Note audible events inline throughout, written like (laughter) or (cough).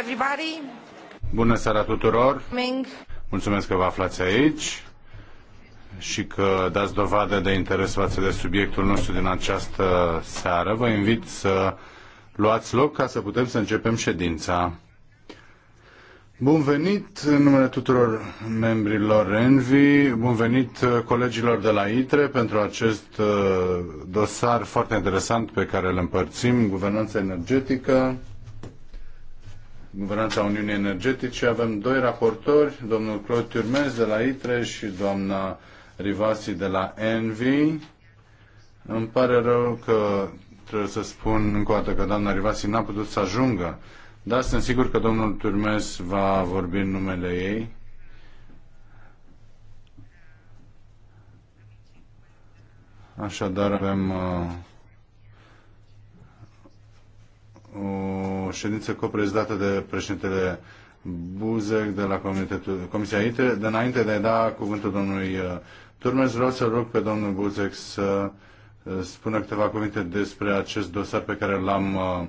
everybody. Bună seara tuturor. Mulțumesc că vă aflați aici și că dați dovadă de interes față de subiectul nostru din această seară. Vă invit să luați loc ca să putem să începem ședința. Bun venit în numele tuturor membrilor Envi, bun venit colegilor de la ITRE pentru acest uh, dosar foarte interesant pe care îl împărțim, guvernanța energetică guvernanța Uniunii Energetice. Avem doi raportori, domnul Claude Turmes de la ITRE și doamna Rivasi de la ENVI. Îmi pare rău că trebuie să spun încă o dată că doamna Rivasi n-a putut să ajungă, dar sunt sigur că domnul Turmes va vorbi în numele ei. Așadar avem uh, o ședință coprezidată de președintele Buzek de la Comisia ITRE. De înainte de a da cuvântul domnului uh, Turmes, vreau să rog pe domnul Buzek să uh, spună câteva cuvinte despre acest dosar pe care l-am uh,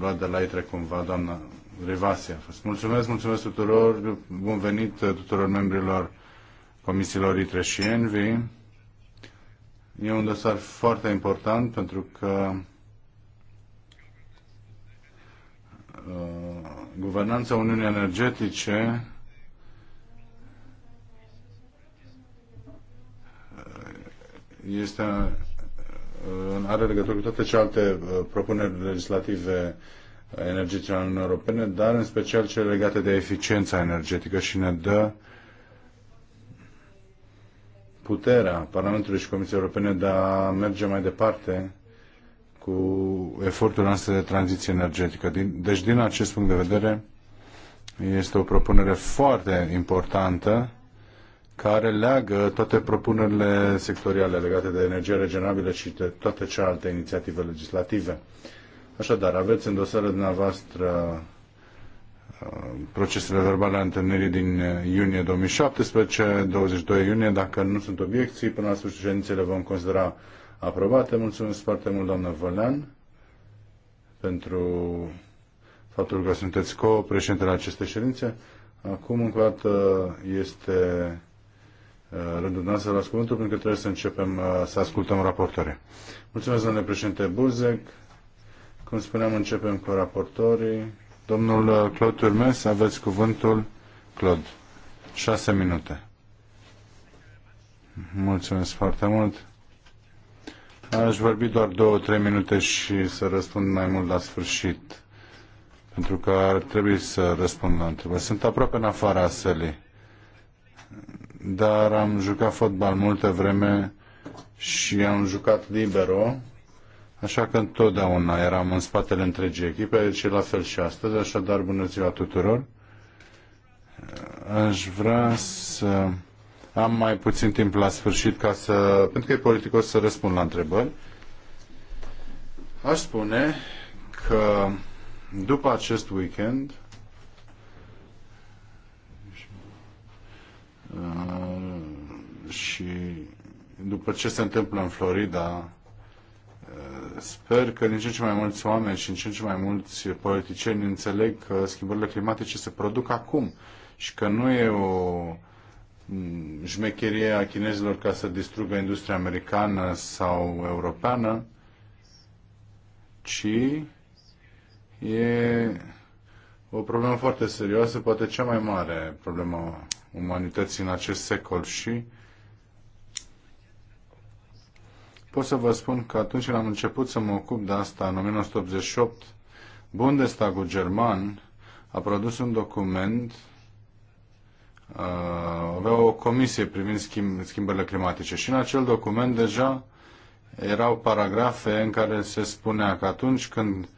luat de la ITRE cumva, doamna Rivasia. Mulțumesc, mulțumesc tuturor, bun venit tuturor membrilor comisiilor ITRE și ENVI. E un dosar foarte important pentru că uh, guvernanța Uniunii Energetice uh, este, uh, în are legătură cu toate celelalte propuneri legislative energetice ale Uniunii Europene, dar în special cele legate de eficiența energetică și ne dă uh, puterea Parlamentului și Comisiei Europene de a merge mai departe cu efortul noastră de tranziție energetică. Deci, din acest punct de vedere, este o propunere foarte importantă care leagă toate propunerile sectoriale legate de energie regenerabilă și de toate celelalte inițiative legislative. Așadar, aveți în dosarul dumneavoastră procesele verbale a întâlnirii din uh, iunie 2017, 22 iunie. Dacă nu sunt obiecții, până la sfârșitul ședinței le vom considera aprobate. Mulțumesc foarte mult, doamnă Vălean, pentru faptul că sunteți co-președintele acestei ședințe. Acum, încă o dată, este uh, rândul noastră la cuvântul, pentru că trebuie să începem uh, să ascultăm raportoare. Mulțumesc, domnule președinte Buzek. Cum spuneam, începem cu raportorii. Domnul uh, Claude Turmes, aveți cuvântul. Claude, șase minute. Mulțumesc foarte mult. Aș vorbi doar două, trei minute și să răspund mai mult la sfârșit, pentru că ar trebui să răspund la întrebări. Sunt aproape în afara sălii, dar am jucat fotbal multă vreme și am jucat libero Așa că întotdeauna eram în spatele întregii echipe și la fel și astăzi, așadar bună ziua tuturor. Aș vrea să am mai puțin timp la sfârșit ca să, pentru că e politicos să răspund la întrebări. Aș spune că după acest weekend uh, și după ce se întâmplă în Florida, Sper că din ce în ce mai mulți oameni și din ce în ce mai mulți politicieni înțeleg că schimbările climatice se produc acum și că nu e o mm, jmecherie a chinezilor ca să distrugă industria americană sau europeană, ci e o problemă foarte serioasă, poate cea mai mare problemă umanității în acest secol și pot să vă spun că atunci când am început să mă ocup de asta, în 1988, Bundestagul german a produs un document, uh, avea o comisie privind schimb, schimbările climatice și în acel document deja erau paragrafe în care se spunea că atunci când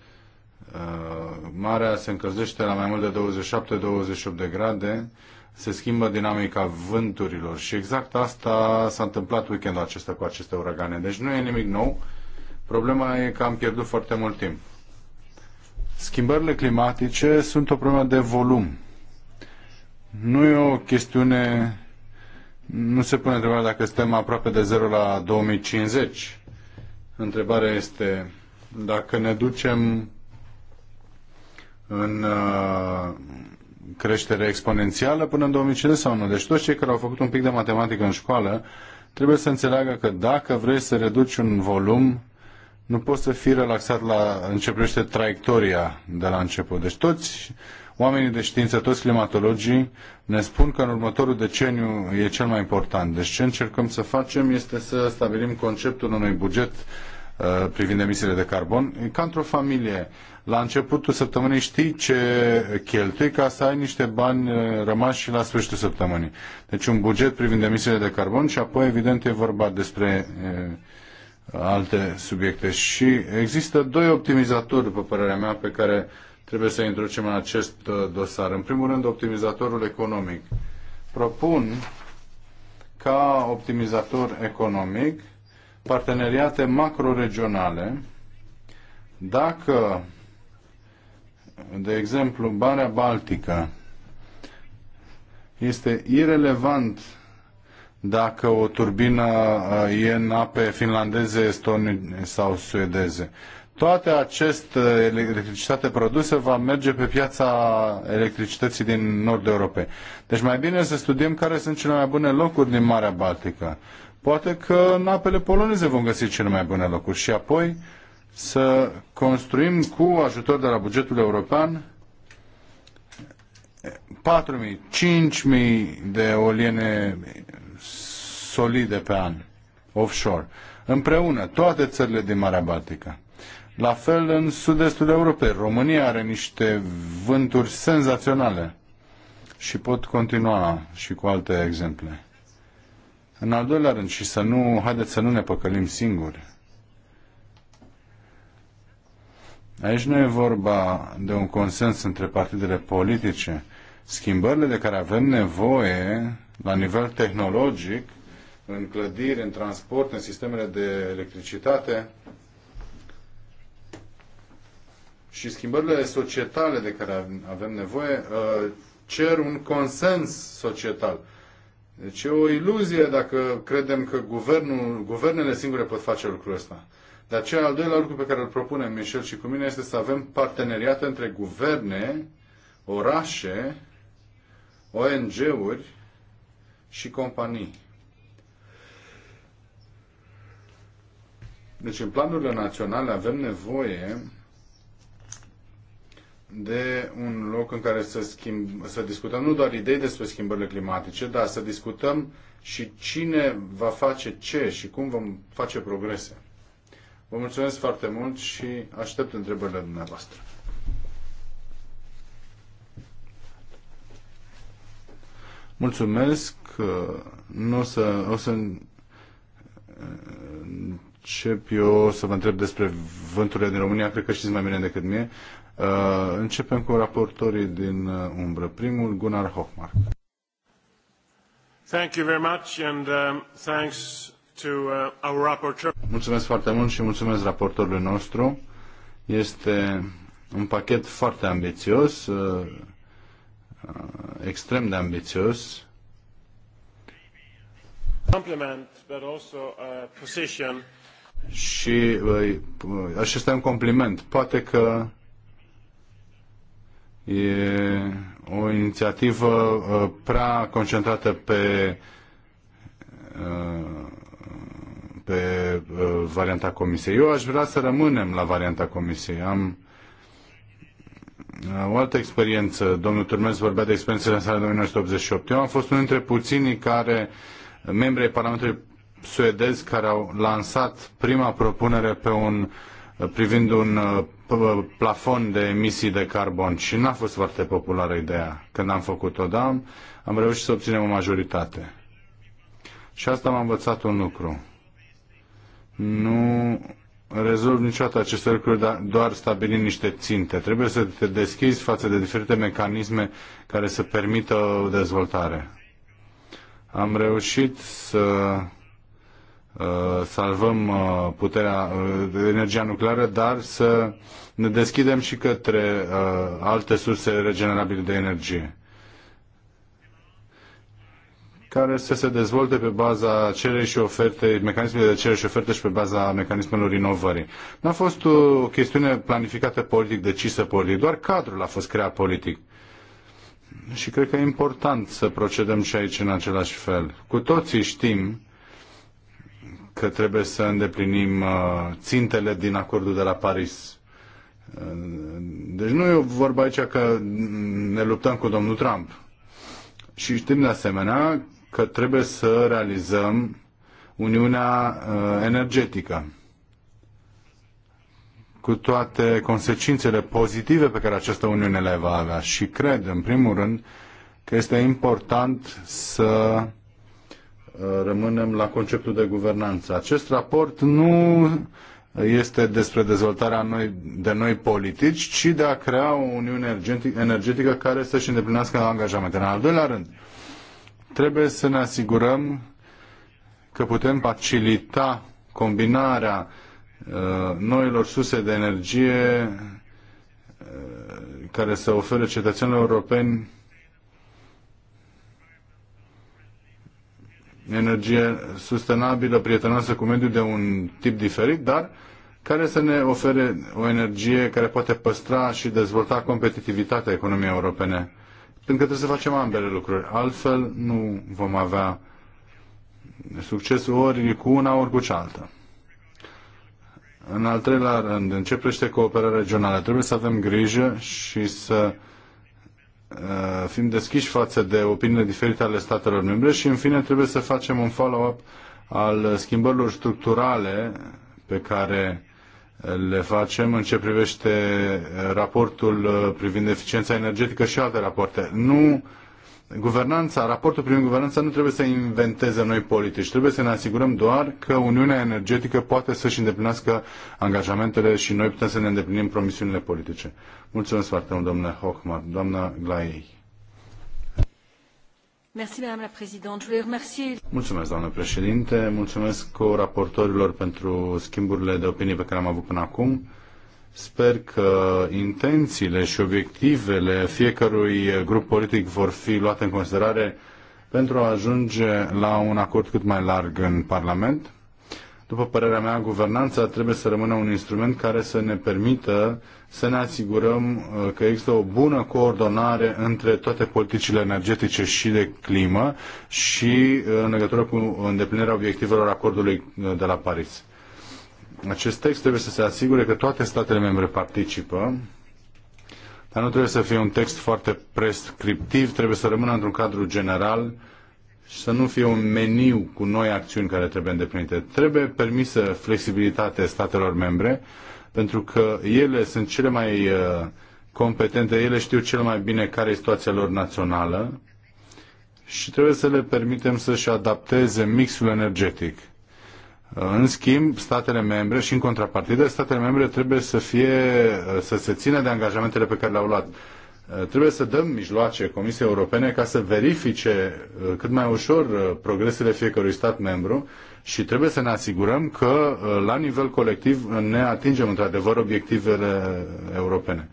uh, marea se încălzește la mai mult de 27-28 de grade, se schimbă dinamica vânturilor și exact asta s-a întâmplat weekendul acesta cu aceste uragane. Deci nu e nimic nou. Problema e că am pierdut foarte mult timp. Schimbările climatice sunt o problemă de volum. Nu e o chestiune... Nu se pune întrebarea dacă suntem aproape de zero la 2050. Întrebarea este dacă ne ducem în uh, creștere exponențială până în 2050 sau nu. Deci toți cei care au făcut un pic de matematică în școală trebuie să înțeleagă că dacă vrei să reduci un volum, nu poți să fii relaxat la începește traiectoria de la început. Deci toți oamenii de știință, toți climatologii ne spun că în următorul deceniu e cel mai important. Deci ce încercăm să facem este să stabilim conceptul unui buget uh, privind emisiile de carbon, ca într-o familie la începutul săptămânii știi ce cheltui ca să ai niște bani uh, rămași și la sfârșitul săptămânii. Deci un buget privind emisiile de carbon și apoi evident e vorba despre uh, alte subiecte. Și există doi optimizatori, după părerea mea, pe care trebuie să introducem în acest uh, dosar. În primul rând, optimizatorul economic. Propun ca optimizator economic parteneriate macroregionale. Dacă de exemplu, Barea Baltică este irelevant dacă o turbină uh, e în ape finlandeze, estonice sau suedeze. Toate aceste electricitate produsă va merge pe piața electricității din nord Europei. Deci mai bine să studiem care sunt cele mai bune locuri din Marea Baltică. Poate că în apele poloneze vom găsi cele mai bune locuri și apoi să construim cu ajutor de la bugetul european 4.000, 5.000 de oliene solide pe an, offshore, împreună, toate țările din Marea Baltică. La fel în sud-estul Europei, România are niște vânturi senzaționale și pot continua și cu alte exemple. În al doilea rând, și să nu, haideți să nu ne păcălim singuri, Aici nu e vorba de un consens între partidele politice. Schimbările de care avem nevoie la nivel tehnologic, în clădiri, în transport, în sistemele de electricitate și schimbările societale de care avem nevoie uh, cer un consens societal. Deci e o iluzie dacă credem că guvernul, guvernele singure pot face lucrul ăsta. De aceea, al doilea lucru pe care îl propune Michel și cu mine este să avem parteneriate între guverne, orașe, ONG-uri și companii. Deci, în planurile naționale avem nevoie de un loc în care să, schimb, să discutăm nu doar idei despre schimbările climatice, dar să discutăm și cine va face ce și cum vom face progrese. Vă mulțumesc foarte mult și aștept întrebările dumneavoastră. Mulțumesc. Nu o să, o să încep eu să vă întreb despre vânturile din România. Cred că știți mai bine decât mie. Uh, începem cu raportorii din uh, umbră. Primul, Gunnar Hochmark. Thank you very much and um, thanks Uh, mulțumesc foarte mult și mulțumesc raportorului nostru. Este un pachet foarte ambițios, uh, uh, extrem de ambițios. Și acesta e un compliment. Poate că e o inițiativă prea concentrată pe pe uh, varianta comisiei. Eu aș vrea să rămânem la varianta comisiei. Am uh, o altă experiență. Domnul Turmes vorbea de experiențele sale în 1988. Eu am fost unul dintre puținii care, membrii Parlamentului suedez, care au lansat prima propunere pe un, uh, privind un plafon de emisii de carbon și n-a fost foarte populară ideea. Când am făcut-o, da, am reușit să obținem o majoritate. Și asta m-a învățat un lucru nu rezolv niciodată aceste lucruri, dar doar stabilind niște ținte. Trebuie să te deschizi față de diferite mecanisme care să permită o dezvoltare. Am reușit să uh, salvăm uh, puterea, uh, energia nucleară, dar să ne deschidem și către alte surse regenerabile de energie care să se dezvolte pe baza cererii și oferte, mecanismele de cerere și ofertă și pe baza mecanismelor inovării. N-a fost o chestiune planificată politic, decisă politic, doar cadrul a fost creat politic. Și cred că e important să procedăm și aici în același fel. Cu toții știm că trebuie să îndeplinim uh, țintele din acordul de la Paris. Deci nu e vorba aici că ne luptăm cu domnul Trump. Și știm de asemenea că trebuie să realizăm Uniunea uh, Energetică cu toate consecințele pozitive pe care această Uniune le va avea. Și cred, în primul rând, că este important să uh, rămânem la conceptul de guvernanță. Acest raport nu este despre dezvoltarea noi, de noi politici, ci de a crea o Uniune energetică care să-și îndeplinească angajamentele. În al doilea rând, Trebuie să ne asigurăm că putem facilita combinarea uh, noilor surse de energie uh, care să ofere cetățenilor europeni energie sustenabilă, prietenoasă cu mediul de un tip diferit, dar care să ne ofere o energie care poate păstra și dezvolta competitivitatea economiei europene. Pentru că trebuie să facem ambele lucruri. Altfel nu vom avea succes ori cu una, ori cu cealaltă. În al treilea rând, începește cooperarea regională. Trebuie să avem grijă și să uh, fim deschiși față de opiniile diferite ale statelor membre și, în fine, trebuie să facem un follow-up al schimbărilor structurale pe care le facem în ce privește uh, raportul uh, privind eficiența energetică și alte rapoarte. Nu guvernanța, raportul privind guvernanța nu trebuie să inventeze noi politici. Trebuie să ne asigurăm doar că Uniunea Energetică poate să-și îndeplinească angajamentele și noi putem să ne îndeplinim promisiunile politice. Mulțumesc foarte mult, domnule Hochmar, doamna Glaiei. Mulțumesc, doamnă președinte. Mulțumesc co-raportorilor pentru schimburile de opinii pe care am avut până acum. Sper că intențiile și obiectivele fiecărui grup politic vor fi luate în considerare pentru a ajunge la un acord cât mai larg în Parlament. După părerea mea, guvernanța trebuie să rămână un instrument care să ne permită să ne asigurăm uh, că există o bună coordonare între toate politicile energetice și de climă și uh, în legătură cu îndeplinirea obiectivelor acordului uh, de la Paris. Acest text trebuie să se asigure că toate statele membre participă, dar nu trebuie să fie un text foarte prescriptiv, trebuie să rămână într-un cadru general și să nu fie un meniu cu noi acțiuni care trebuie îndeplinite. Trebuie permisă flexibilitate statelor membre, pentru că ele sunt cele mai uh, competente, ele știu cel mai bine care e situația lor națională și trebuie să le permitem să-și adapteze mixul energetic. Uh, în schimb, statele membre și în contrapartidă, statele membre trebuie să fie uh, să se țină de angajamentele pe care le-au luat. Uh, trebuie să dăm mijloace Comisiei Europene ca să verifice uh, cât mai ușor uh, progresele fiecărui stat membru și trebuie să ne asigurăm că la nivel colectiv ne atingem într-adevăr obiectivele europene.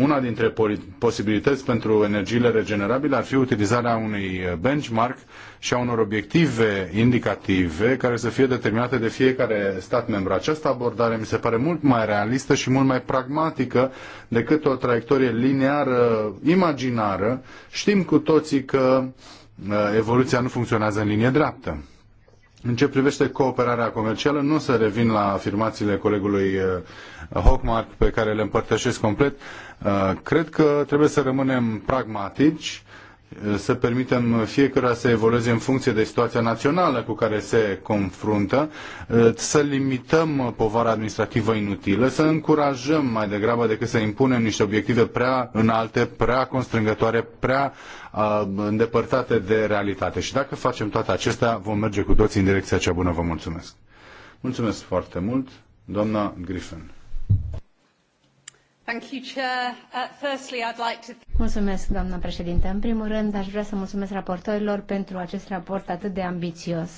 Una dintre posibilități pentru energiile regenerabile ar fi utilizarea unui benchmark și a unor obiective indicative care să fie determinate de fiecare stat membru. Această abordare mi se pare mult mai realistă și mult mai pragmatică decât o traiectorie lineară, imaginară. Știm cu toții că uh, evoluția nu funcționează în linie dreaptă. În ce privește cooperarea comercială, nu o să revin la afirmațiile colegului uh, Hochmark, pe care le împărtășesc complet. Uh, cred că trebuie să rămânem pragmatici să permitem fiecăruia să evolueze în funcție de situația națională cu care se confruntă, uh, să limităm povara administrativă inutilă, să încurajăm mai degrabă decât să impunem niște obiective prea înalte, prea constrângătoare, prea uh, îndepărtate de realitate. Și dacă facem toate acestea, vom merge cu toții în direcția cea bună. Vă mulțumesc! Mulțumesc foarte mult, doamna Griffin. Uh, mulțumesc, doamna președinte. În primul rând, aș vrea să mulțumesc raportorilor pentru acest raport atât de ambițios.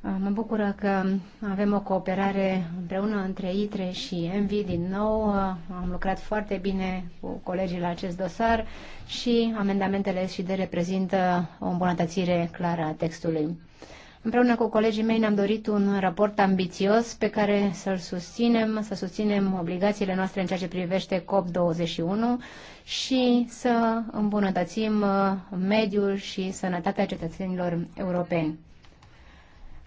Uh, mă bucură că avem o cooperare împreună între ITRE și ENVI din nou. Uh, am lucrat foarte bine cu colegii la acest dosar și amendamentele și de reprezintă o îmbunătățire clară a textului. Împreună cu colegii mei ne-am dorit un raport ambițios pe care să-l susținem, să susținem obligațiile noastre în ceea ce privește COP21 și să îmbunătățim uh, mediul și sănătatea cetățenilor europeni.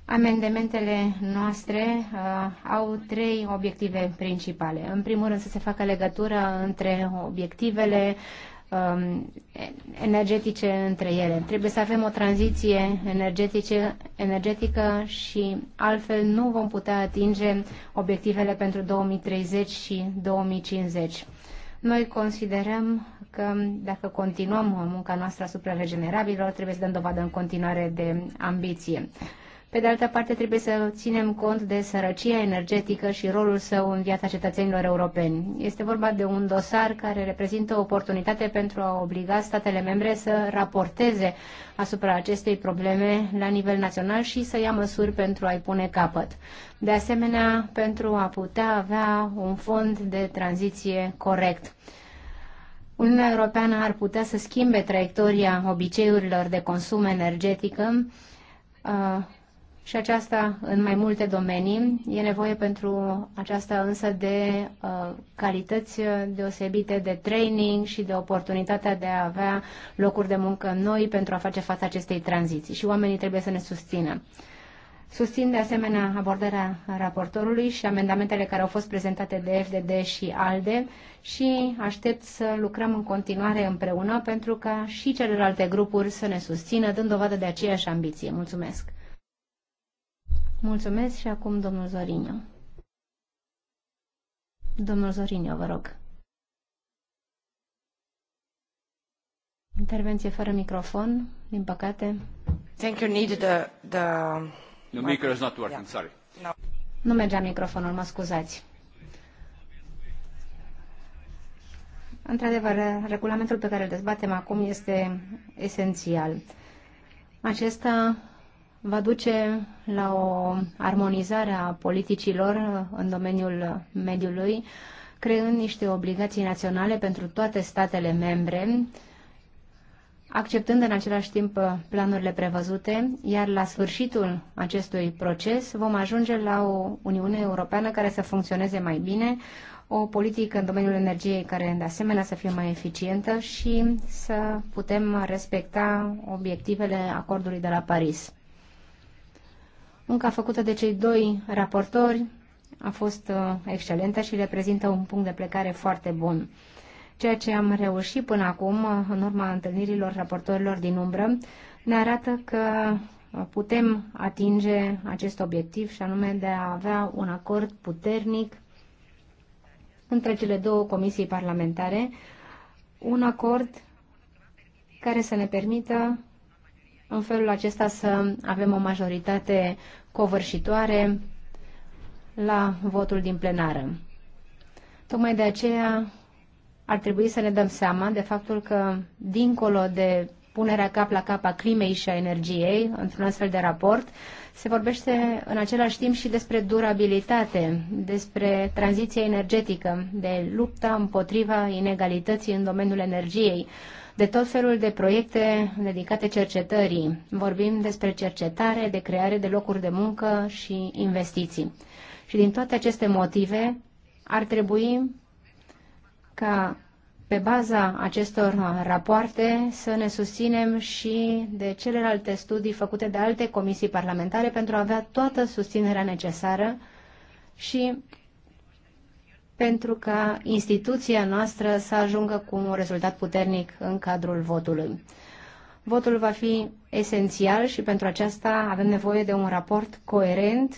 Amendamentele noastre uh, au trei obiective principale. În primul rând să se facă legătură între obiectivele um, energetice între ele. Trebuie să avem o tranziție energetice, energetică și altfel nu vom putea atinge obiectivele pentru 2030 și 2050. Noi considerăm că dacă continuăm munca noastră asupra regenerabilor, trebuie să dăm dovadă în continuare de ambiție. Pe de altă parte, trebuie să ținem cont de sărăcia energetică și rolul său în viața cetățenilor europeni. Este vorba de un dosar care reprezintă o oportunitate pentru a obliga statele membre să raporteze asupra acestei probleme la nivel național și să ia măsuri pentru a-i pune capăt. De asemenea, pentru a putea avea un fond de tranziție corect. Uniunea Europeană ar putea să schimbe traiectoria obiceiurilor de consum energetică uh, și aceasta în mai multe domenii. E nevoie pentru aceasta însă de uh, calități uh, deosebite de training și de oportunitatea de a avea locuri de muncă noi pentru a face față acestei tranziții și oamenii trebuie să ne susțină. Susțin de asemenea abordarea raportorului și amendamentele care au fost prezentate de FDD și ALDE și aștept să lucrăm în continuare împreună pentru ca și celelalte grupuri să ne susțină, dând dovadă de aceeași ambiție. Mulțumesc! Mulțumesc și acum domnul Zorinio. Domnul Zorinio, vă rog. Intervenție fără microfon, din păcate. Thank you need the, the... The micro is not working, yeah. sorry. No. Nu mergea microfonul, mă scuzați. Într-adevăr, regulamentul pe care îl dezbatem acum este esențial. Acesta va duce la o armonizare a politicilor în domeniul mediului, creând niște obligații naționale pentru toate statele membre, acceptând în același timp planurile prevăzute, iar la sfârșitul acestui proces vom ajunge la o Uniune Europeană care să funcționeze mai bine, o politică în domeniul energiei care de asemenea să fie mai eficientă și să putem respecta obiectivele acordului de la Paris. Munca făcută de cei doi raportori a fost uh, excelentă și reprezintă un punct de plecare foarte bun. Ceea ce am reușit până acum, uh, în urma întâlnirilor raportorilor din umbră, ne arată că uh, putem atinge acest obiectiv și anume de a avea un acord puternic între cele două comisii parlamentare, un acord care să ne permită în felul acesta să avem o majoritate covârșitoare la votul din plenară. Tocmai de aceea ar trebui să ne dăm seama de faptul că, dincolo de punerea cap la cap a climei și a energiei într-un astfel de raport, se vorbește în același timp și despre durabilitate, despre tranziția energetică, de lupta împotriva inegalității în domeniul energiei, de tot felul de proiecte dedicate cercetării. Vorbim despre cercetare, de creare de locuri de muncă și investiții. Și din toate aceste motive ar trebui ca pe baza acestor rapoarte să ne susținem și de celelalte studii făcute de alte comisii parlamentare pentru a avea toată susținerea necesară și pentru ca instituția noastră să ajungă cu un rezultat puternic în cadrul votului. Votul va fi esențial și pentru aceasta avem nevoie de un raport coerent,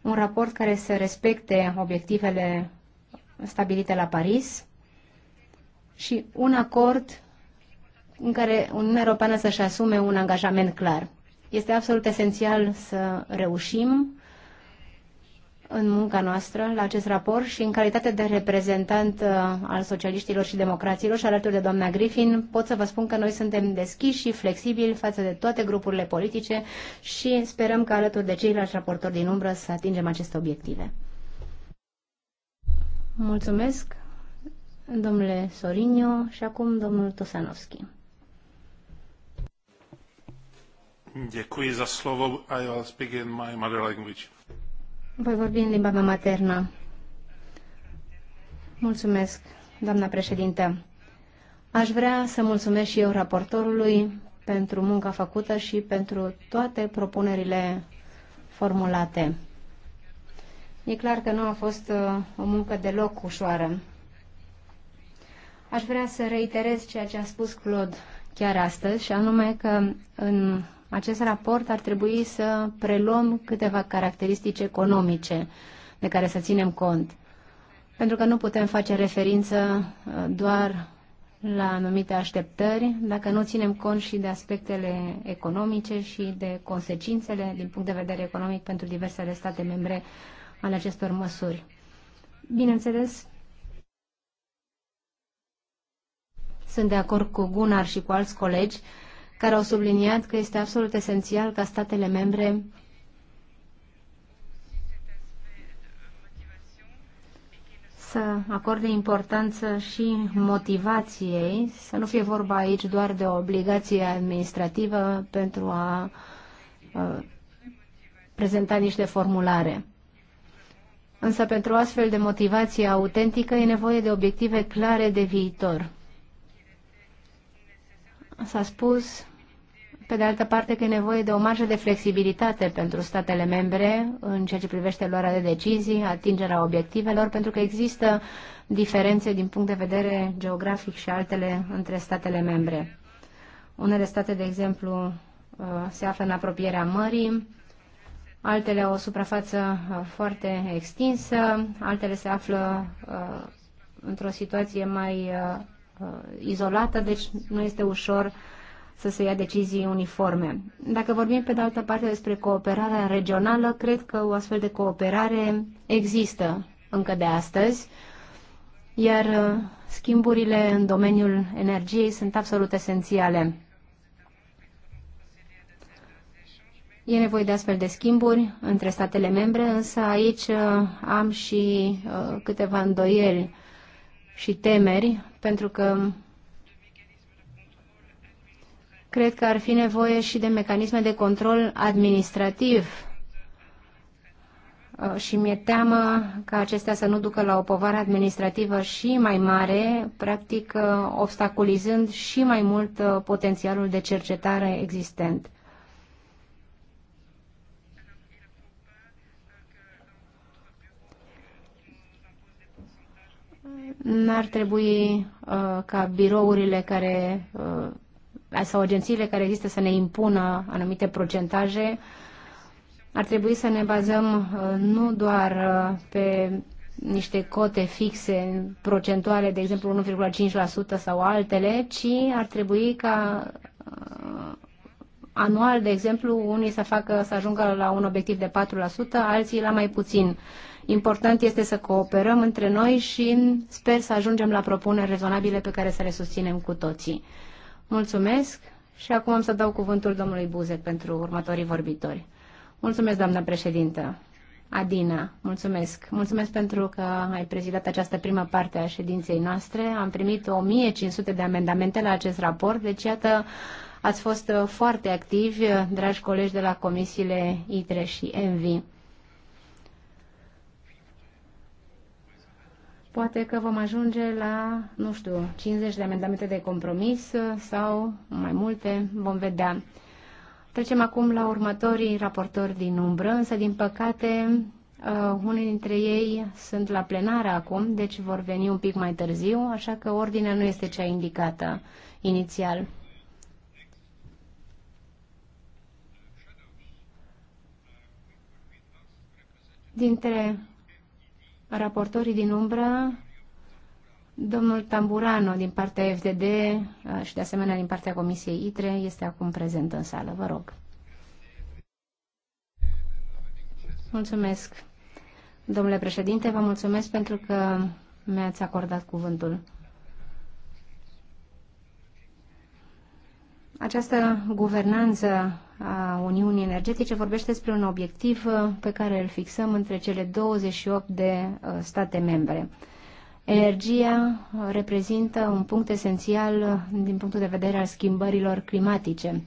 un raport care să respecte obiectivele stabilite la Paris și un acord în care Uniunea Europeană să-și asume un angajament clar. Este absolut esențial să reușim în munca noastră la acest raport și în calitate de reprezentant uh, al socialiștilor și democraților și alături de doamna Griffin pot să vă spun că noi suntem deschiși și flexibili față de toate grupurile politice și sperăm că alături de ceilalți raportori din umbră să atingem aceste obiective. Mulțumesc, domnule Sorinio și acum domnul Tosanovski. Děkuji za slovo a já speak in my mother language. Voi vorbi în limba mea maternă. Mulțumesc, doamna președintă. Aș vrea să mulțumesc și eu raportorului pentru munca făcută și pentru toate propunerile formulate. E clar că nu a fost uh, o muncă deloc ușoară. Aș vrea să reiterez ceea ce a spus Claude chiar astăzi, și anume că în acest raport ar trebui să preluăm câteva caracteristici economice de care să ținem cont. Pentru că nu putem face referință uh, doar la anumite așteptări dacă nu ținem cont și de aspectele economice și de consecințele din punct de vedere economic pentru diversele state membre ale acestor măsuri. Bineînțeles, sunt de acord cu Gunnar și cu alți colegi care au subliniat că este absolut esențial ca statele membre să acorde importanță și motivației, să nu fie vorba aici doar de o obligație administrativă pentru a, prezenta niște formulare. Însă pentru astfel de motivație autentică e nevoie de obiective clare de viitor. S-a spus, pe de altă parte, că e nevoie de o marjă de flexibilitate pentru statele membre în ceea ce privește luarea de decizii, atingerea obiectivelor, pentru că există diferențe din punct de vedere geografic și altele între statele membre. Unele state, de exemplu, uh, se află în apropierea mării, altele au o suprafață uh, foarte extinsă, altele se află uh, într-o situație mai Uh, izolată, deci nu este ușor să se ia decizii uniforme. Dacă vorbim pe de altă parte despre cooperarea regională, cred că o astfel de cooperare există încă de astăzi, iar uh, schimburile în domeniul energiei sunt absolut esențiale. E nevoie de astfel de schimburi între statele membre, însă aici uh, am și câteva îndoieli și temeri, pentru că cred că ar fi nevoie și de mecanisme de control administrativ uh, și mi-e teamă ca acestea să nu ducă la o povară administrativă și mai mare, practic uh, obstaculizând și mai mult uh, potențialul de cercetare existent. N-ar trebui uh, ca birourile care, uh, sau agențiile care există să ne impună anumite procentaje. Ar trebui să ne bazăm uh, nu doar uh, pe niște cote fixe, procentuale, de exemplu 1,5% sau altele, ci ar trebui ca uh, anual, de exemplu, unii să facă să ajungă la un obiectiv de 4%, alții la mai puțin. Uh, Important este să cooperăm între noi și sper să ajungem la propuneri rezonabile pe care să le susținem cu toții. Mulțumesc și acum am să dau cuvântul domnului Buzet pentru următorii vorbitori. Mulțumesc, doamna președintă. Adina, mulțumesc. Mulțumesc pentru că ai prezidat această prima parte a ședinței noastre. Am primit 1500 de amendamente la acest raport, deci iată, ați fost foarte activi, dragi colegi de la comisiile ITRE și ENVI. Poate că vom ajunge la, nu știu, 50 de amendamente de compromis sau mai multe, vom vedea. Trecem acum la următorii raportori din umbră, însă, din păcate, uh, unii dintre ei sunt la plenară acum, deci vor veni un pic mai târziu, așa că ordinea nu este cea indicată inițial. Dintre raportorii din umbră, domnul Tamburano din partea FDD uh, și de asemenea din partea Comisiei ITRE este acum prezent în sală. Vă rog. Mulțumesc. Domnule președinte, vă mulțumesc pentru că mi-ați acordat cuvântul. Această guvernanță a Uniunii Energetice vorbește despre un obiectiv uh, pe care îl fixăm între cele 28 de uh, state membre. Energia uh, reprezintă un punct esențial din punctul de vedere al schimbărilor climatice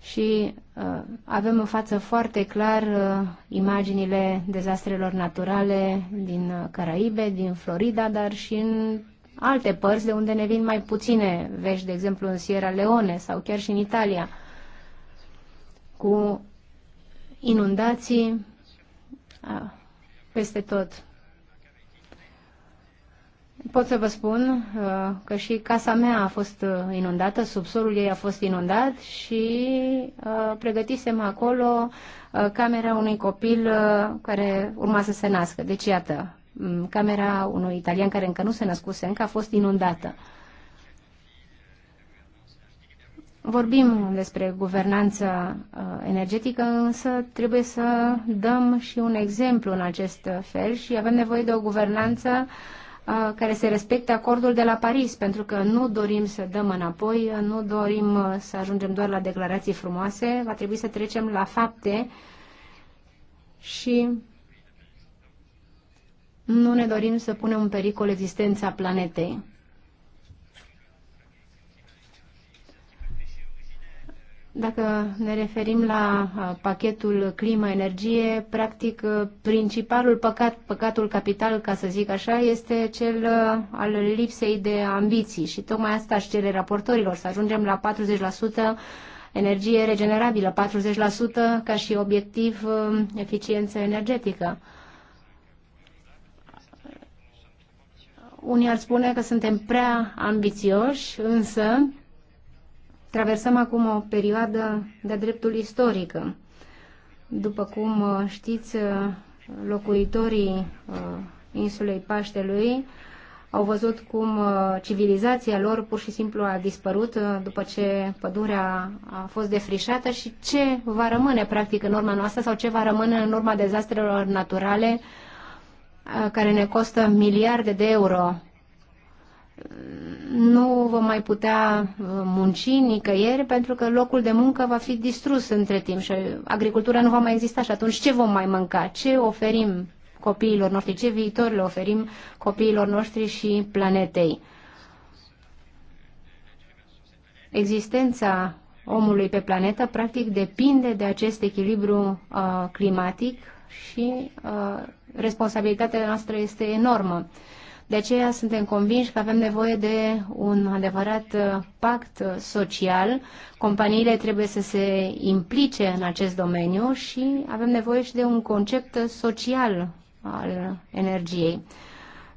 și uh, avem în față foarte clar uh, imaginile dezastrelor naturale din Caraibe, din Florida, dar și în alte părți de unde ne vin mai puține vești, de exemplu în Sierra Leone sau chiar și în Italia. Uh, cu inundații peste tot. Pot să vă spun uh, că și casa mea a fost uh, inundată, subsolul ei a fost inundat și uh, pregătisem acolo camera unui copil care urma să se nască. Deci, iată, camera unui italian care încă nu se născuse, încă a fost inundată. Vorbim despre guvernanță uh, energetică, însă trebuie să dăm și un exemplu în acest fel și avem nevoie de o guvernanță uh, care se respecte acordul de la Paris, pentru că nu dorim să dăm înapoi, uh, nu dorim să ajungem doar la declarații frumoase, va trebui să trecem la fapte și nu ne dorim să punem în pericol existența planetei. Dacă ne referim la pachetul climă-energie, practic principalul păcat, păcatul capital, ca să zic așa, este cel al lipsei de ambiții și tocmai asta își cere raportorilor, să ajungem la 40% energie regenerabilă, 40% ca și obiectiv eficiență energetică. Unii ar spune că suntem prea ambițioși, însă Traversăm acum o perioadă de dreptul istorică. După cum uh, știți, uh, locuitorii uh, insulei Paștelui au văzut cum civilizația lor pur și simplu a dispărut după ce pădurea a fost defrișată și ce va rămâne practic în urma noastră sau ce va rămâne în urma dezastrelor naturale care ne costă miliarde de euro nu vom mai putea uh, munci nicăieri pentru că locul de muncă va fi distrus între timp și agricultura nu va mai exista și atunci ce vom mai mânca? Ce oferim copiilor noștri? Ce viitor le oferim copiilor noștri și planetei? Existența omului pe planetă practic depinde de acest echilibru uh, climatic și uh, responsabilitatea noastră este enormă. Uh, de aceea suntem convinși că avem nevoie de un adevărat uh, pact uh, social. Companiile trebuie să se implice în acest domeniu și avem nevoie și de un concept uh, social al energiei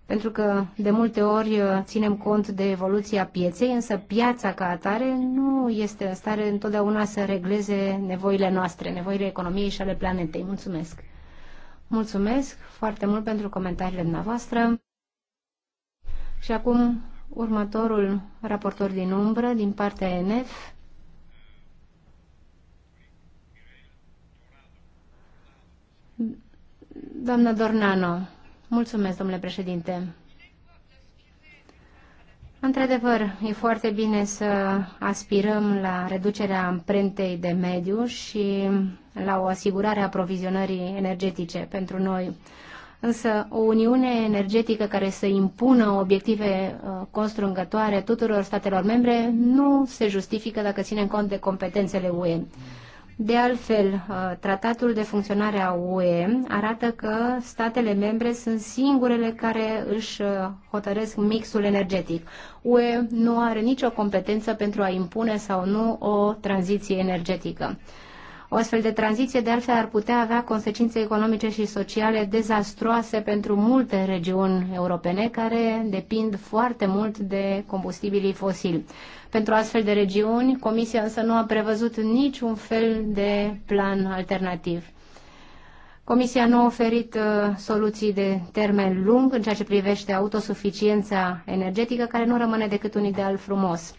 pentru că de multe ori ținem cont de evoluția pieței, însă piața ca atare nu este în stare întotdeauna să regleze nevoile noastre, nevoile economiei și ale planetei. Mulțumesc! Mulțumesc foarte mult pentru comentariile dumneavoastră. Și acum următorul raportor din umbră, din partea NF, Doamna Dornano, mulțumesc, domnule președinte. Într-adevăr, e foarte bine să aspirăm la reducerea amprentei de mediu și la o asigurare a aprovizionării energetice pentru noi. Însă o uniune energetică care să impună obiective uh, constrângătoare tuturor statelor membre nu se justifică dacă ținem cont de competențele UE. De altfel, uh, tratatul de funcționare a UE arată că statele membre sunt singurele care își uh, hotăresc mixul energetic. UE nu are nicio competență pentru a impune sau nu o tranziție energetică. O astfel de tranziție, de altfel, ar putea avea consecințe economice și sociale dezastroase pentru multe regiuni europene care depind foarte mult de combustibilii fosili. Pentru astfel de regiuni, Comisia însă nu a prevăzut niciun fel de plan alternativ. Comisia nu a oferit uh, soluții de termen lung în ceea ce privește autosuficiența energetică, care nu rămâne decât un ideal frumos.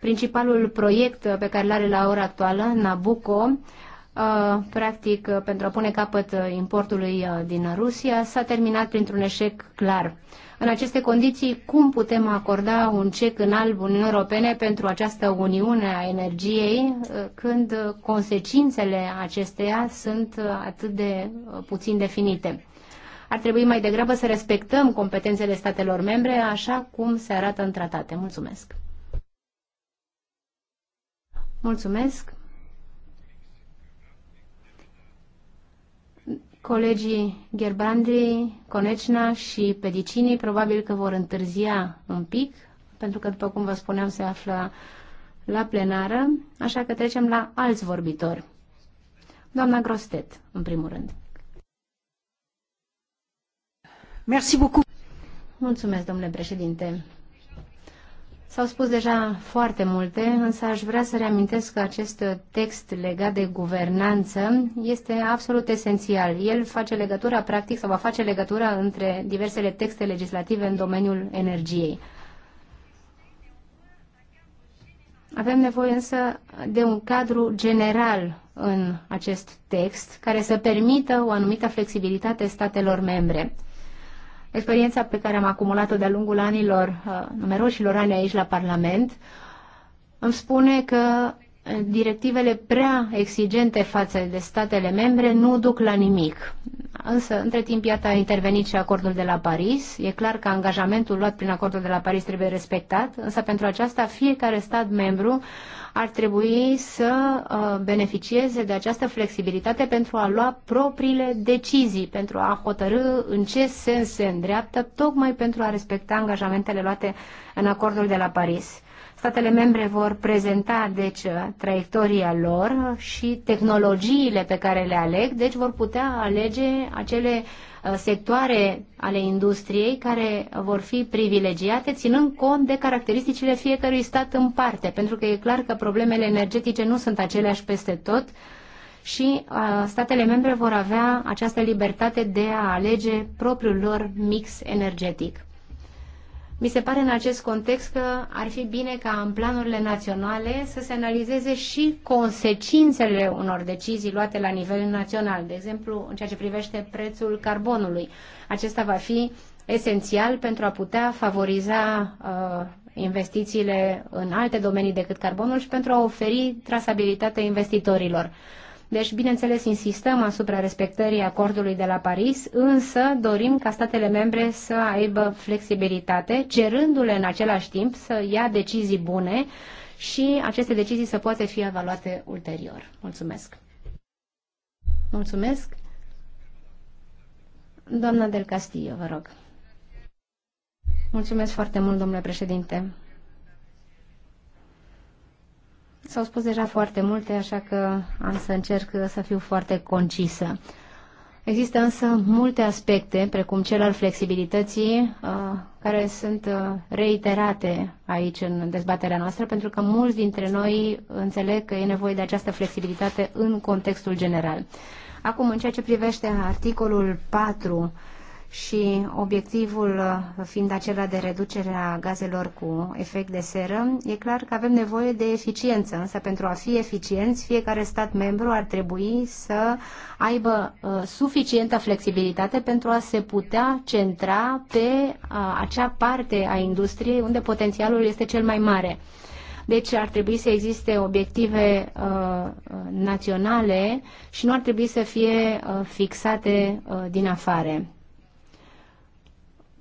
Principalul proiect pe care îl are la ora actuală, Nabucco, uh, practic uh, pentru a pune capăt uh, importului din Rusia, s-a terminat printr-un eșec clar. În aceste condiții, cum putem acorda un cec în alb Uniunii Europene pentru această uniune a energiei când consecințele acesteia sunt atât de puțin definite? Ar trebui mai degrabă să respectăm competențele statelor membre așa cum se arată în tratate. Mulțumesc! Mulțumesc. Colegii Gerbrandi, Conecna și Pedicini probabil că vor întârzia un pic, pentru că, după cum vă spuneam, se află la plenară, așa că trecem la alți vorbitori. Doamna Grostet, în primul rând. Merci beaucoup. Mulțumesc, domnule președinte. S-au spus deja foarte multe, însă aș vrea să reamintesc că acest text legat de guvernanță este absolut esențial. El face legătura, practic, sau va face legătura între diversele texte legislative în domeniul energiei. Avem nevoie însă de un cadru general în acest text care să permită o anumită flexibilitate statelor membre. Experiența pe care am acumulat-o de-a lungul anilor, uh, numeroșilor ani aici la Parlament, îmi spune că uh, directivele prea exigente față de statele membre nu duc la nimic. Însă, între timp, iată, a intervenit și acordul de la Paris. E clar că angajamentul luat prin acordul de la Paris trebuie respectat, însă pentru aceasta fiecare stat membru ar trebui să uh, beneficieze de această flexibilitate pentru a lua propriile decizii, pentru a hotărâ în ce sens se îndreaptă, tocmai pentru a respecta angajamentele luate în acordul de la Paris. Statele membre vor prezenta, deci, traiectoria lor și tehnologiile pe care le aleg, deci vor putea alege acele uh, sectoare ale industriei care vor fi privilegiate, ținând cont de caracteristicile fiecărui stat în parte, pentru că e clar că problemele energetice nu sunt aceleași peste tot și uh, statele membre vor avea această libertate de a alege propriul lor mix energetic. Mi se pare în acest context că ar fi bine ca în planurile naționale să se analizeze și consecințele unor decizii luate la nivel național, de exemplu în ceea ce privește prețul carbonului. Acesta va fi esențial pentru a putea favoriza uh, investițiile în alte domenii decât carbonul și pentru a oferi trasabilitatea investitorilor. Uh, deci, bineînțeles, insistăm asupra respectării acordului de la Paris, însă dorim ca statele membre să aibă flexibilitate, cerându-le în același timp să ia decizii bune și aceste decizii să poate fi evaluate ulterior. Mulțumesc! Mulțumesc! Doamna Del Castillo, vă rog. Mulțumesc foarte mult, domnule președinte. S-au spus deja foarte multe, așa că am să încerc să fiu foarte concisă. Există însă multe aspecte, precum cel al flexibilității, uh, care sunt uh, reiterate aici în dezbaterea noastră, pentru că mulți dintre noi înțeleg că e nevoie de această flexibilitate în contextul general. Acum, în ceea ce privește articolul 4 și obiectivul uh, fiind acela de reducere a gazelor cu efect de seră, e clar că avem nevoie de eficiență, însă pentru a fi eficienți, fiecare stat membru ar trebui să aibă uh, suficientă flexibilitate pentru a se putea centra pe uh, acea parte a industriei unde potențialul este cel mai mare. Deci ar trebui să existe obiective uh, naționale și nu ar trebui să fie uh, fixate uh, din afară.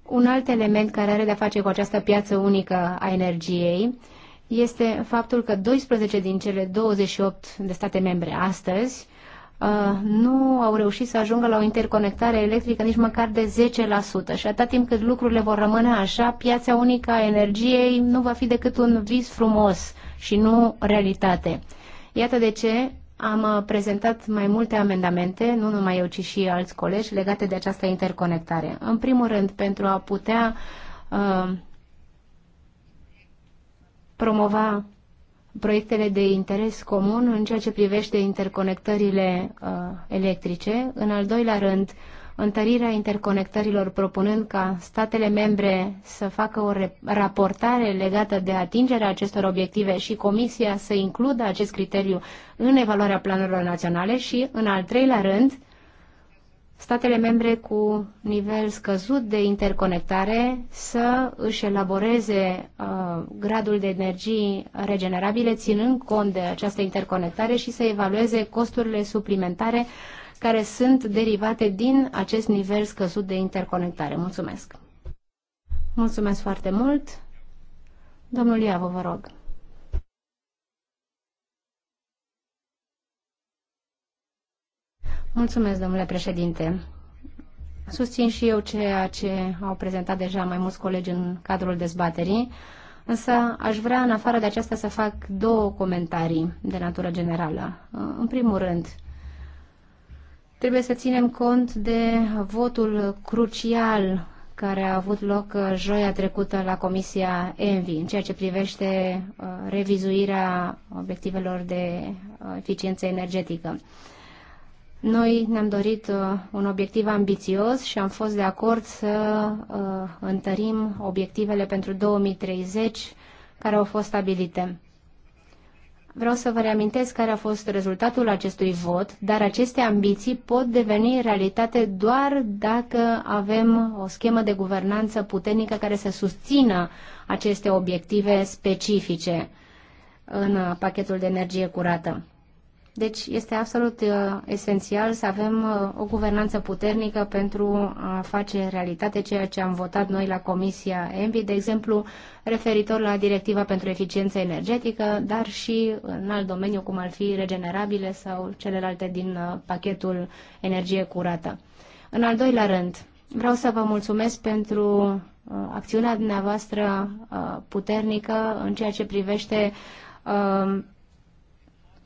Un alt element care are de-a face cu această piață unică a energiei este faptul că 12 din cele 28 de state membre astăzi uh, nu au reușit să ajungă la o interconectare electrică nici măcar de 10% și atâta timp cât lucrurile vor rămâne așa, piața unică a energiei nu va fi decât un vis frumos și nu realitate. Iată de ce am uh, prezentat mai multe amendamente, nu numai eu, ci și alți colegi, legate de această interconectare. În primul rând, pentru a putea uh, promova proiectele de interes comun în ceea ce privește interconectările uh, electrice. În al doilea rând, uh, întărirea interconectărilor, propunând ca statele membre să facă o raportare legată de atingerea acestor obiective și Comisia să includă acest criteriu în evaluarea planurilor naționale și, în al treilea rând, statele membre cu nivel scăzut de interconectare să își elaboreze uh, gradul de energii regenerabile, ținând cont de această interconectare și să evalueze costurile suplimentare uh, care sunt derivate din acest nivel scăzut de interconectare. Mulțumesc! Mulțumesc foarte mult! Domnul Iavo, vă rog! Mulțumesc, domnule președinte! Susțin și eu ceea ce au prezentat deja mai mulți colegi în cadrul dezbaterii, însă aș vrea, în afară de aceasta, să fac două comentarii de natură generală. În primul rând, Trebuie să ținem cont de votul crucial care a avut loc uh, joia trecută la Comisia ENVI în ceea ce privește uh, revizuirea obiectivelor de uh, eficiență energetică. Noi ne-am dorit un obiectiv ambițios și am fost de acord să întărim obiectivele pentru 2030 care au fost stabilite. Vreau să vă reamintesc care a fost rezultatul acestui vot, dar aceste ambiții pot deveni realitate doar dacă avem o schemă de guvernanță puternică care să susțină aceste obiective specifice în pachetul de energie curată. Deci este absolut uh, esențial să avem uh, o guvernanță puternică pentru a face realitate ceea ce am votat noi la Comisia EMBI, de exemplu, referitor la directiva pentru eficiență energetică, dar și în alt domeniu, cum ar fi regenerabile sau celelalte din uh, pachetul energie curată. În al doilea rând, vreau să vă mulțumesc pentru acțiunea dumneavoastră puternică în ceea ce privește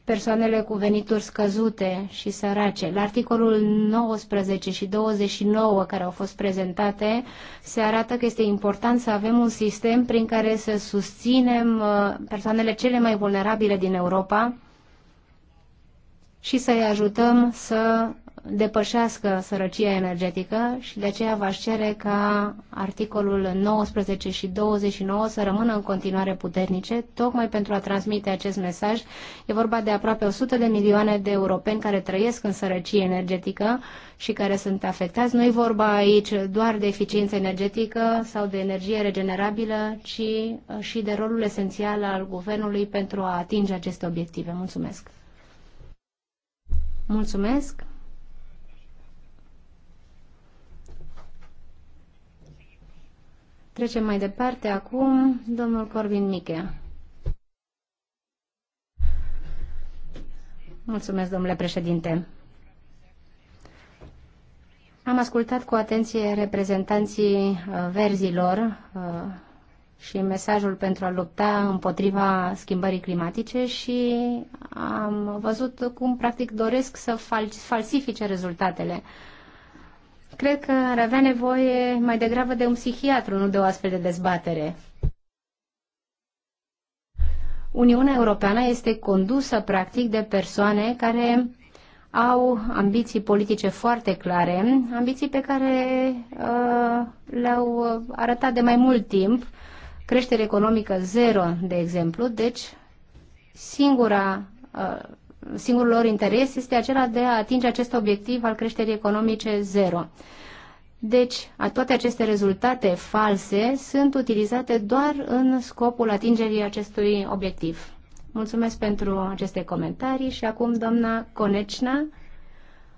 persoanele cu venituri scăzute și sărace. La articolul 19 și 29 care au fost prezentate, se arată că este important să avem un sistem prin care să susținem uh, persoanele cele mai vulnerabile din Europa și să-i ajutăm să depășească sărăcia energetică și de aceea v-aș cere ca articolul 19 și 29 să rămână în continuare puternice, tocmai pentru a transmite acest mesaj. E vorba de aproape 100 de milioane de europeni care trăiesc în sărăcie energetică și care sunt afectați. Nu e vorba aici doar de eficiență energetică sau de energie regenerabilă, ci uh, și de rolul esențial al guvernului pentru a atinge aceste obiective. Mulțumesc! Mulțumesc! Trecem mai departe acum, domnul Corvin Miche. Mulțumesc, domnule președinte. Am ascultat cu atenție reprezentanții uh, verzilor uh, și mesajul pentru a lupta împotriva schimbării climatice și am văzut cum practic doresc să falsifice rezultatele Cred că ar avea nevoie mai degrabă de un psihiatru, nu de o astfel de dezbatere. Uniunea Europeană este condusă practic de persoane care au ambiții politice foarte clare, ambiții pe care uh, le-au arătat de mai mult timp, creștere economică zero, de exemplu, deci singura uh, singurul lor interes este acela de a atinge acest obiectiv al creșterii economice zero. Deci, toate aceste rezultate false sunt utilizate doar în scopul atingerii acestui obiectiv. Mulțumesc pentru aceste comentarii și acum doamna Conecna,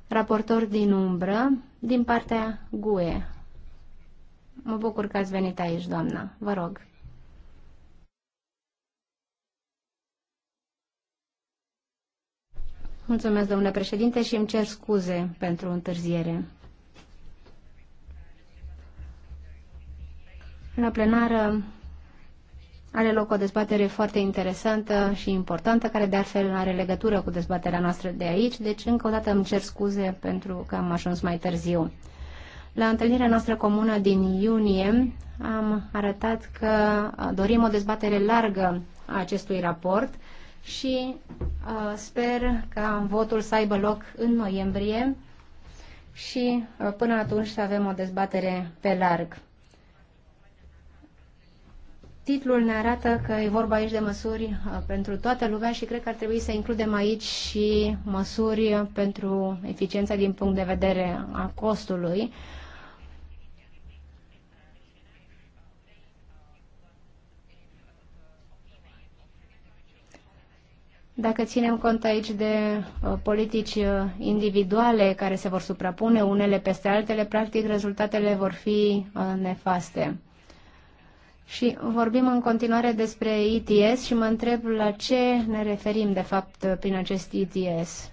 raportor din umbră, din partea GUE. Mă bucur că ați venit aici, doamna. Vă rog. Mulțumesc, domnule președinte, și îmi cer scuze pentru întârziere. La plenară are loc o dezbatere foarte interesantă și importantă, care de altfel are legătură cu dezbaterea noastră de aici, deci încă o dată îmi cer scuze pentru că am ajuns mai târziu. La întâlnirea noastră comună din iunie am arătat că dorim o dezbatere largă a acestui raport și uh, sper ca votul să aibă loc în noiembrie și uh, până atunci să avem o dezbatere pe larg. Titlul ne arată că e vorba aici de măsuri uh, pentru toată lumea și cred că ar trebui să includem aici și măsuri pentru eficiența din punct de vedere a costului. Uh, Dacă ținem cont aici de uh, politici uh, individuale care se vor suprapune unele peste altele, practic rezultatele vor fi uh, nefaste. Și vorbim în continuare despre ETS și mă întreb la ce ne referim de fapt uh, prin acest ETS.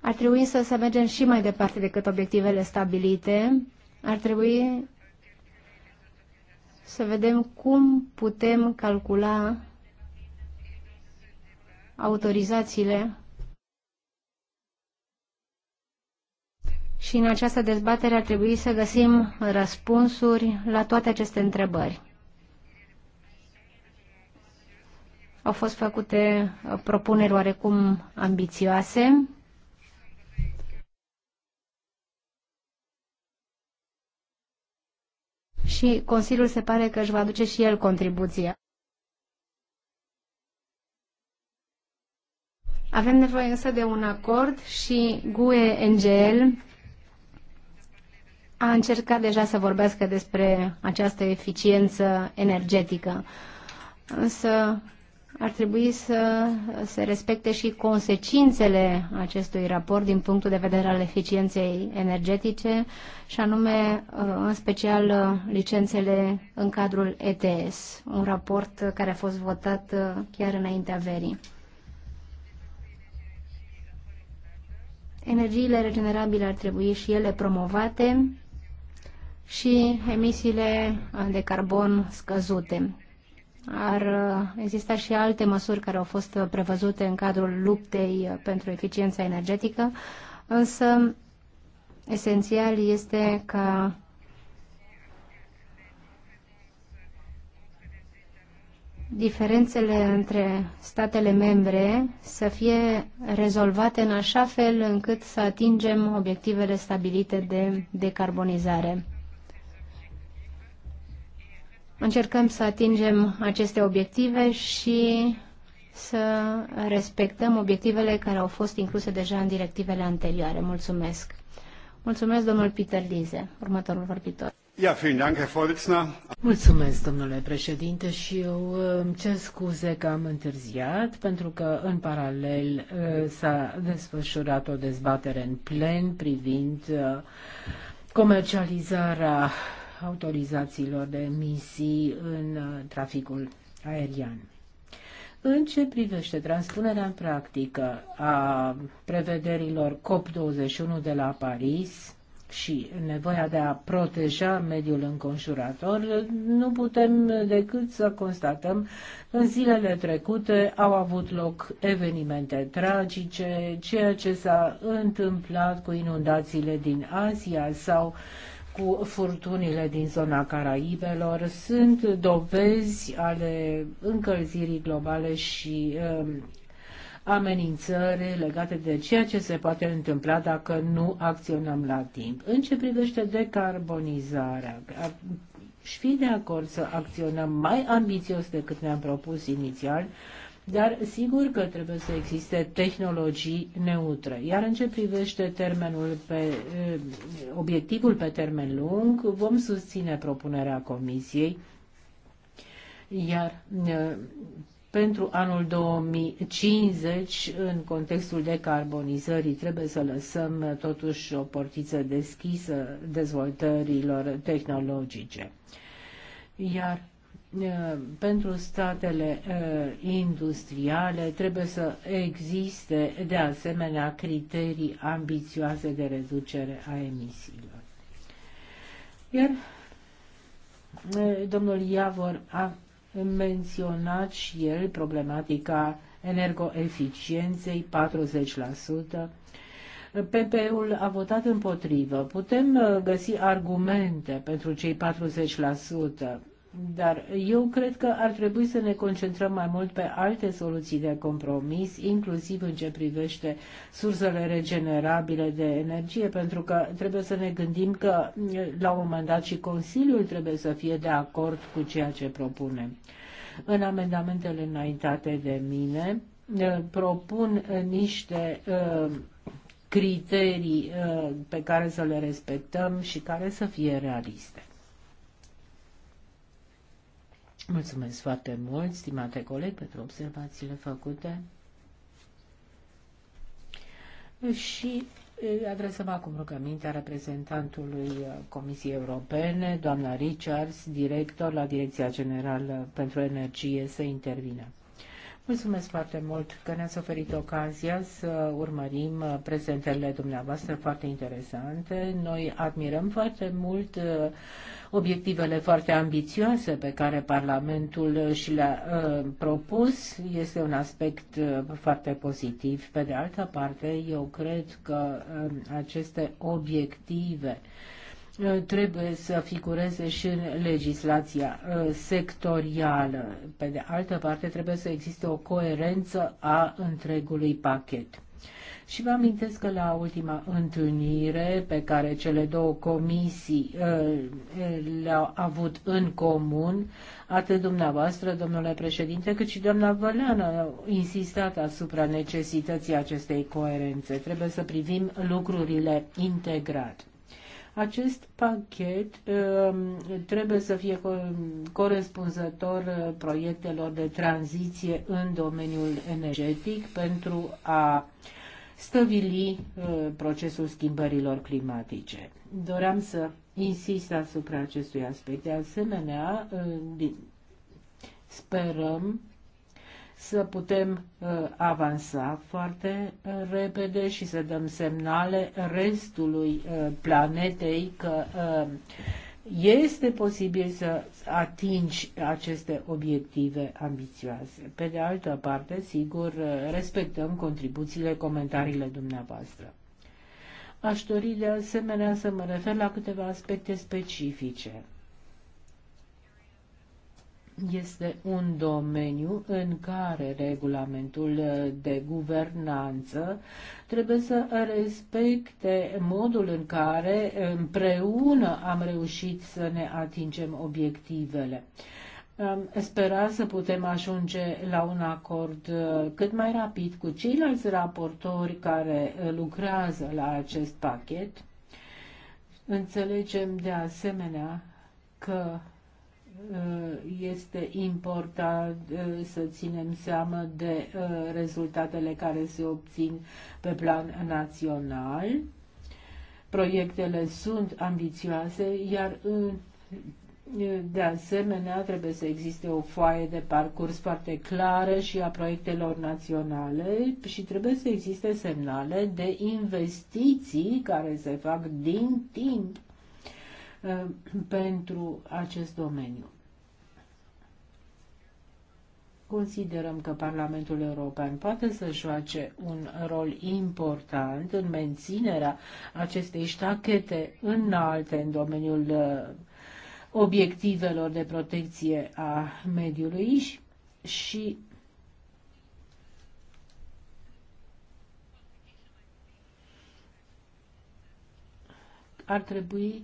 Ar trebui să, să mergem și mai departe decât obiectivele stabilite. Ar trebui să vedem cum putem calcula autorizațiile și în această dezbatere ar trebui să găsim răspunsuri la toate aceste întrebări. Au fost făcute propuneri oarecum ambițioase și Consiliul se pare că își va aduce și el contribuția. Avem nevoie însă de un acord și GUE NGL a încercat deja să vorbească despre această eficiență energetică. Însă ar trebui să se respecte și consecințele acestui raport din punctul de vedere al eficienței energetice și anume uh, în special uh, licențele în cadrul ETS, un raport care a fost votat uh, chiar înaintea verii. Energiile regenerabile ar trebui și ele promovate și emisiile de carbon scăzute ar uh, exista și alte măsuri care au fost uh, prevăzute în cadrul luptei uh, pentru eficiența energetică, însă esențial este ca diferențele între statele membre să fie rezolvate în așa fel încât să atingem obiectivele stabilite de decarbonizare. Încercăm să atingem aceste obiective și să respectăm obiectivele care au fost incluse deja în directivele anterioare. Mulțumesc. Mulțumesc, domnul Peter Lize, următorul vorbitor. Mulțumesc, domnule președinte, și eu uh, îmi cer scuze că am întârziat, pentru că în paralel uh, s-a desfășurat o dezbatere în plen privind uh, comercializarea autorizațiilor de emisii în uh, traficul aerian. În ce privește transpunerea în practică a prevederilor COP21 de la Paris și nevoia de a proteja mediul înconjurator, nu putem decât să constatăm că în zilele trecute au avut loc evenimente tragice, ceea ce s-a întâmplat cu inundațiile din Asia sau uh, cu furtunile din zona Caraibelor sunt dovezi ale încălzirii globale și um, amenințări legate de ceea ce se poate întâmpla dacă nu acționăm la timp. În ce privește decarbonizarea, aș fi de acord să acționăm mai ambițios decât ne-am propus inițial, dar sigur că trebuie să existe tehnologii neutre. Iar în ce privește termenul pe, eh, obiectivul pe termen lung, vom susține propunerea Comisiei, iar eh, pentru anul 2050, în contextul decarbonizării, trebuie să lăsăm eh, totuși o portiță deschisă dezvoltărilor tehnologice. Iar Eh, pentru statele eh, industriale trebuie să existe de asemenea criterii ambițioase de reducere a emisiilor. Iar eh, domnul Iavor a menționat și el problematica energoeficienței 40%. PP-ul a votat împotrivă. Putem găsi argumente pentru cei 40%, dar eu cred că ar trebui să ne concentrăm mai mult pe alte soluții de compromis, inclusiv în ce privește sursele regenerabile de energie, pentru că trebuie să ne gândim că la un moment dat și Consiliul trebuie să fie de acord cu ceea ce propunem. În amendamentele înaintate de mine eh, propun eh, niște eh, criterii pe care să le respectăm și care să fie realiste. Mulțumesc foarte mult, stimate coleg, pentru observațiile făcute. Și adresăm acum rugămintea reprezentantului uh, Comisiei Europene, doamna Richards, director la Direcția Generală pentru Energie, să intervină. Mulțumesc foarte mult că ne-ați oferit ocazia să urmărim uh, prezentările dumneavoastră foarte interesante. Noi admirăm foarte mult uh, obiectivele foarte ambițioase pe care Parlamentul uh, și le-a propus. Este un aspect foarte pozitiv. Pe de altă parte, eu cred că aceste obiective Uh, trebuie să figureze și în legislația uh, sectorială. Pe de altă parte, trebuie să existe o coerență a întregului pachet. Și vă amintesc că la ultima întâlnire pe care cele două comisii uh, le-au avut în comun, atât dumneavoastră, domnule președinte, cât și doamna Văleană au insistat asupra necesității acestei coerențe. Trebuie să privim lucrurile integrat. Acest pachet um, trebuie să fie corespunzător uh, proiectelor de tranziție în domeniul energetic pentru a stăvili uh, procesul schimbărilor climatice. Doream să insist asupra acestui aspect. De asemenea, uh, sperăm să putem uh, avansa foarte uh, repede și să dăm semnale restului uh, planetei că uh, este posibil să atingi aceste obiective ambițioase. Pe de altă parte, sigur, uh, respectăm contribuțiile, comentariile dumneavoastră. Aș dori de asemenea să mă refer la câteva aspecte specifice este un domeniu în care regulamentul de guvernanță trebuie să respecte modul în care împreună am reușit să ne atingem obiectivele. Spera să putem ajunge la un acord uh, cât mai rapid cu ceilalți raportori care uh, lucrează la acest pachet. Înțelegem de asemenea că Uh, este important uh, să ținem seama de uh, rezultatele care se obțin pe plan național. Proiectele sunt ambițioase, iar de asemenea, trebuie să existe o foaie de parcurs foarte clară și a proiectelor naționale și trebuie să existe semnale de investiții care se fac din timp Uh, (clears throat) pentru acest domeniu. Considerăm că Parlamentul European poate să joace un rol important în menținerea acestei ștachete înalte în domeniul uh, obiectivelor de protecție a mediului și ar trebui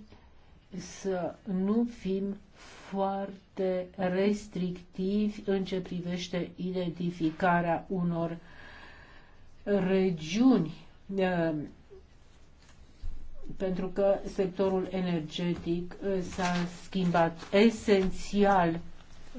să nu fim foarte restrictivi în ce privește identificarea unor regiuni, uh, pentru că sectorul energetic uh, s-a schimbat esențial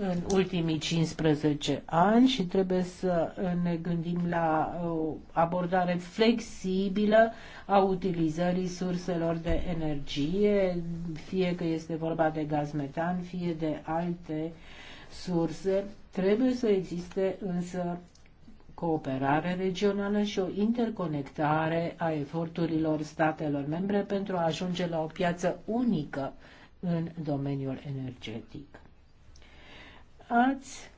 în ultimii 15 ani și trebuie să ne gândim la o uh, abordare flexibilă a utilizării surselor de energie, fie că este vorba de gaz metan, fie de alte surse. Trebuie să existe însă cooperare regională și o interconectare a eforturilor statelor membre pentru a ajunge la o piață unică în domeniul energetic ați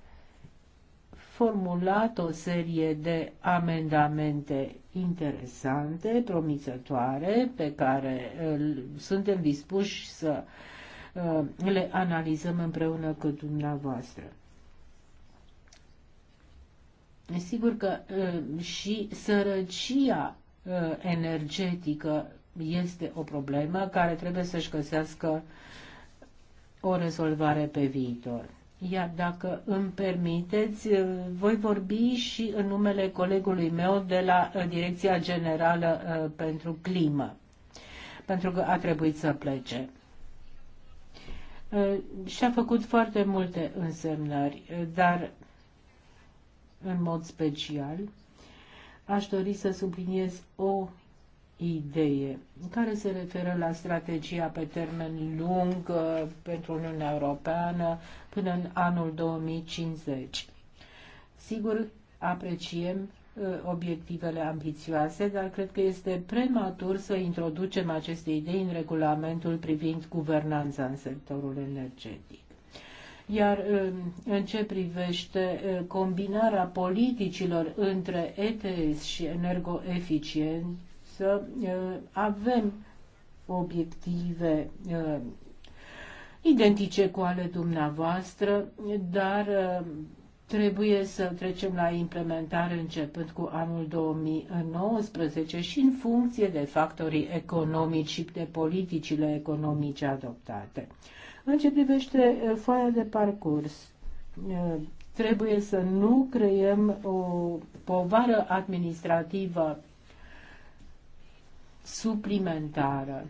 formulat o serie de amendamente interesante, promițătoare, pe care uh, suntem dispuși să uh, le analizăm împreună cu dumneavoastră. Sigur că uh, și sărăcia energetică este o problemă care trebuie să-și găsească o rezolvare pe viitor. Iar dacă îmi permiteți, uh, voi vorbi și în numele colegului meu de la uh, Direcția Generală uh, pentru Climă, pentru că a trebuit să plece. Și-a făcut foarte multe însemnări, dar în mod special aș dori să subliniez o idee care se referă la strategia pe termen lung uh, pentru Uniunea Europeană până în anul 2050. Sigur, apreciem uh, obiectivele ambițioase, dar cred că este prematur să introducem aceste idei în regulamentul privind guvernanța în sectorul energetic. Iar um, în ce privește uh, combinarea politicilor între ETS și energoeficient, să avem obiective identice cu ale dumneavoastră, dar trebuie să trecem la implementare începând cu anul 2019 și în funcție de factorii economici și de politicile economice adoptate. În ce privește foaia de parcurs, trebuie să nu creăm o povară administrativă suplimentară.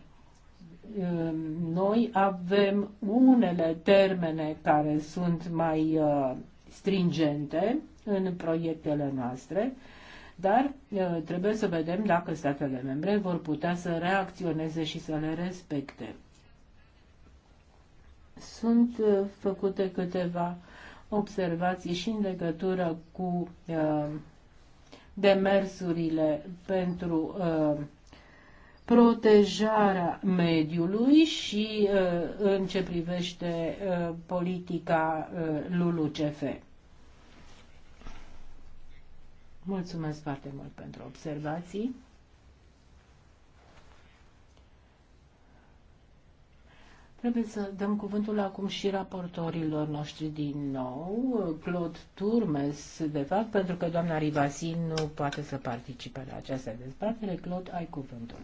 Ehm, noi avem unele termene care sunt mai uh, stringente în proiectele noastre, dar uh, trebuie să vedem dacă statele membre vor putea să reacționeze și să le respecte. Sunt uh, făcute câteva observații și în legătură cu demersurile pentru protejarea mediului și uh, în ce privește uh, politica uh, LULUCF. Mulțumesc foarte mult pentru observații. Trebuie să dăm cuvântul acum și raportorilor noștri din nou, Claude Turmes, de fapt, pentru că doamna Rivasin nu poate să participe la această dezbatere. Claude, ai cuvântul.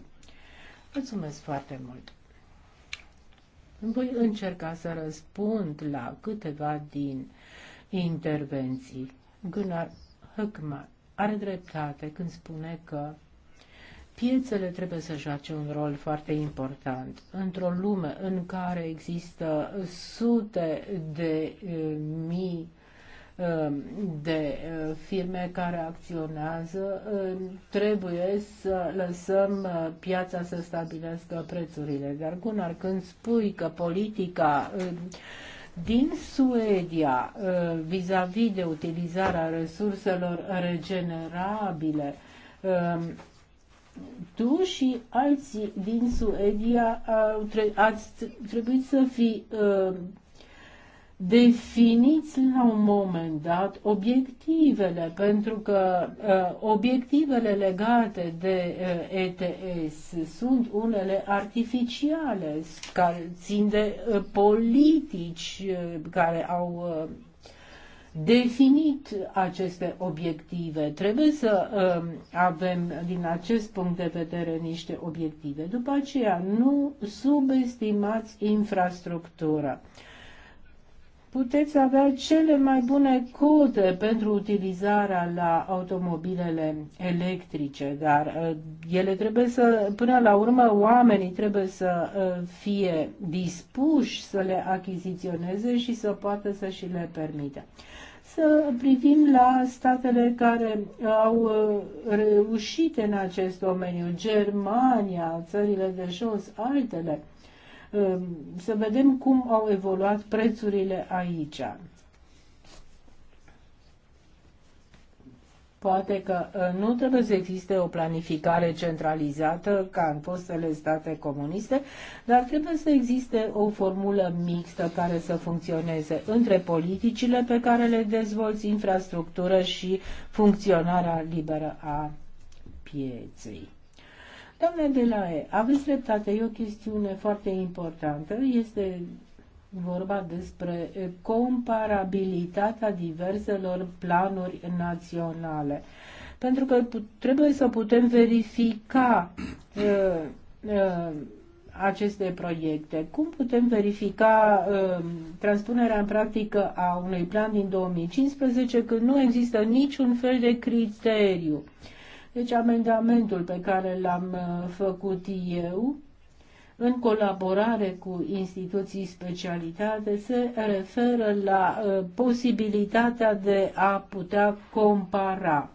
Mulțumesc foarte mult. Voi încerca să răspund la câteva din intervenții. Gunnar Höckmark are dreptate când spune că piețele trebuie să joace un rol foarte important într-o lume în care există sute de eh, mii Ehm, de eh, firme care acționează, ehm, trebuie să lăsăm eh, piața să stabilească prețurile. Dar, Gunnar, când spui că politica ehm, din Suedia vis-a-vis -vis de utilizarea resurselor regenerabile, tu și alții din Suedia ați trebuit să fi definiți la un moment dat obiectivele, pentru că uh, obiectivele legate de uh, ETS sunt unele artificiale, care țin de uh, politici uh, care au uh, definit aceste obiective. Trebuie să uh, avem din acest punct de vedere niște obiective. După aceea, nu subestimați infrastructura. Uh, puteți avea cele mai bune cote pentru utilizarea la automobilele electrice, dar uh, ele trebuie să, până la urmă, oamenii trebuie să uh, fie dispuși să le achiziționeze și să poată să și le permită. Să privim la statele care uh, au reușit în acest domeniu, Germania, țările de jos, altele Ehm, să vedem cum au evoluat prețurile aici. Poate că nu trebuie să existe o planificare centralizată ca în fostele state comuniste, dar trebuie să existe o formulă mixtă care să funcționeze între politicile pe care le dezvolți, infrastructură și funcționarea liberă a pieței. Doamne E, aveți dreptate, e o chestiune foarte importantă. Este vorba despre comparabilitatea diverselor planuri naționale. Pentru că trebuie să putem verifica uh, uh, aceste proiecte. Cum putem verifica uh, transpunerea în practică a unui plan din 2015 când nu există niciun fel de criteriu? Uh, deci amendamentul pe care l-am uh, făcut eu, în colaborare cu instituții specialitate, se referă la uh, posibilitatea de a putea compara.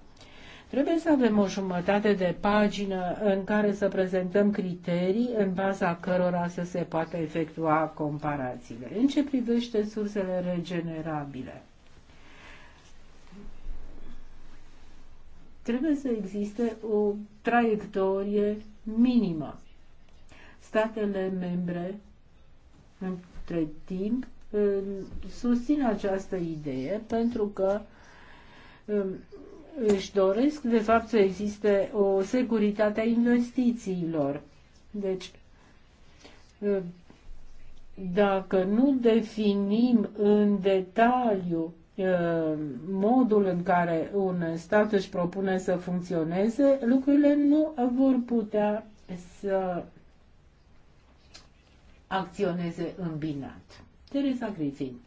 Trebuie să avem o jumătate de pagină în care să prezentăm criterii în baza cărora să se poată efectua comparațiile. În ce privește sursele regenerabile? Trebuie să existe o traiectorie minimă. Statele membre, între timp, susțin această idee pentru că um, își doresc, de fapt, să existe o securitate a investițiilor. Deci, um, dacă nu definim în detaliu Uh, modul în care un stat își propune să funcționeze, lucrurile nu vor putea să acționeze îmbinat. Teresa Griffin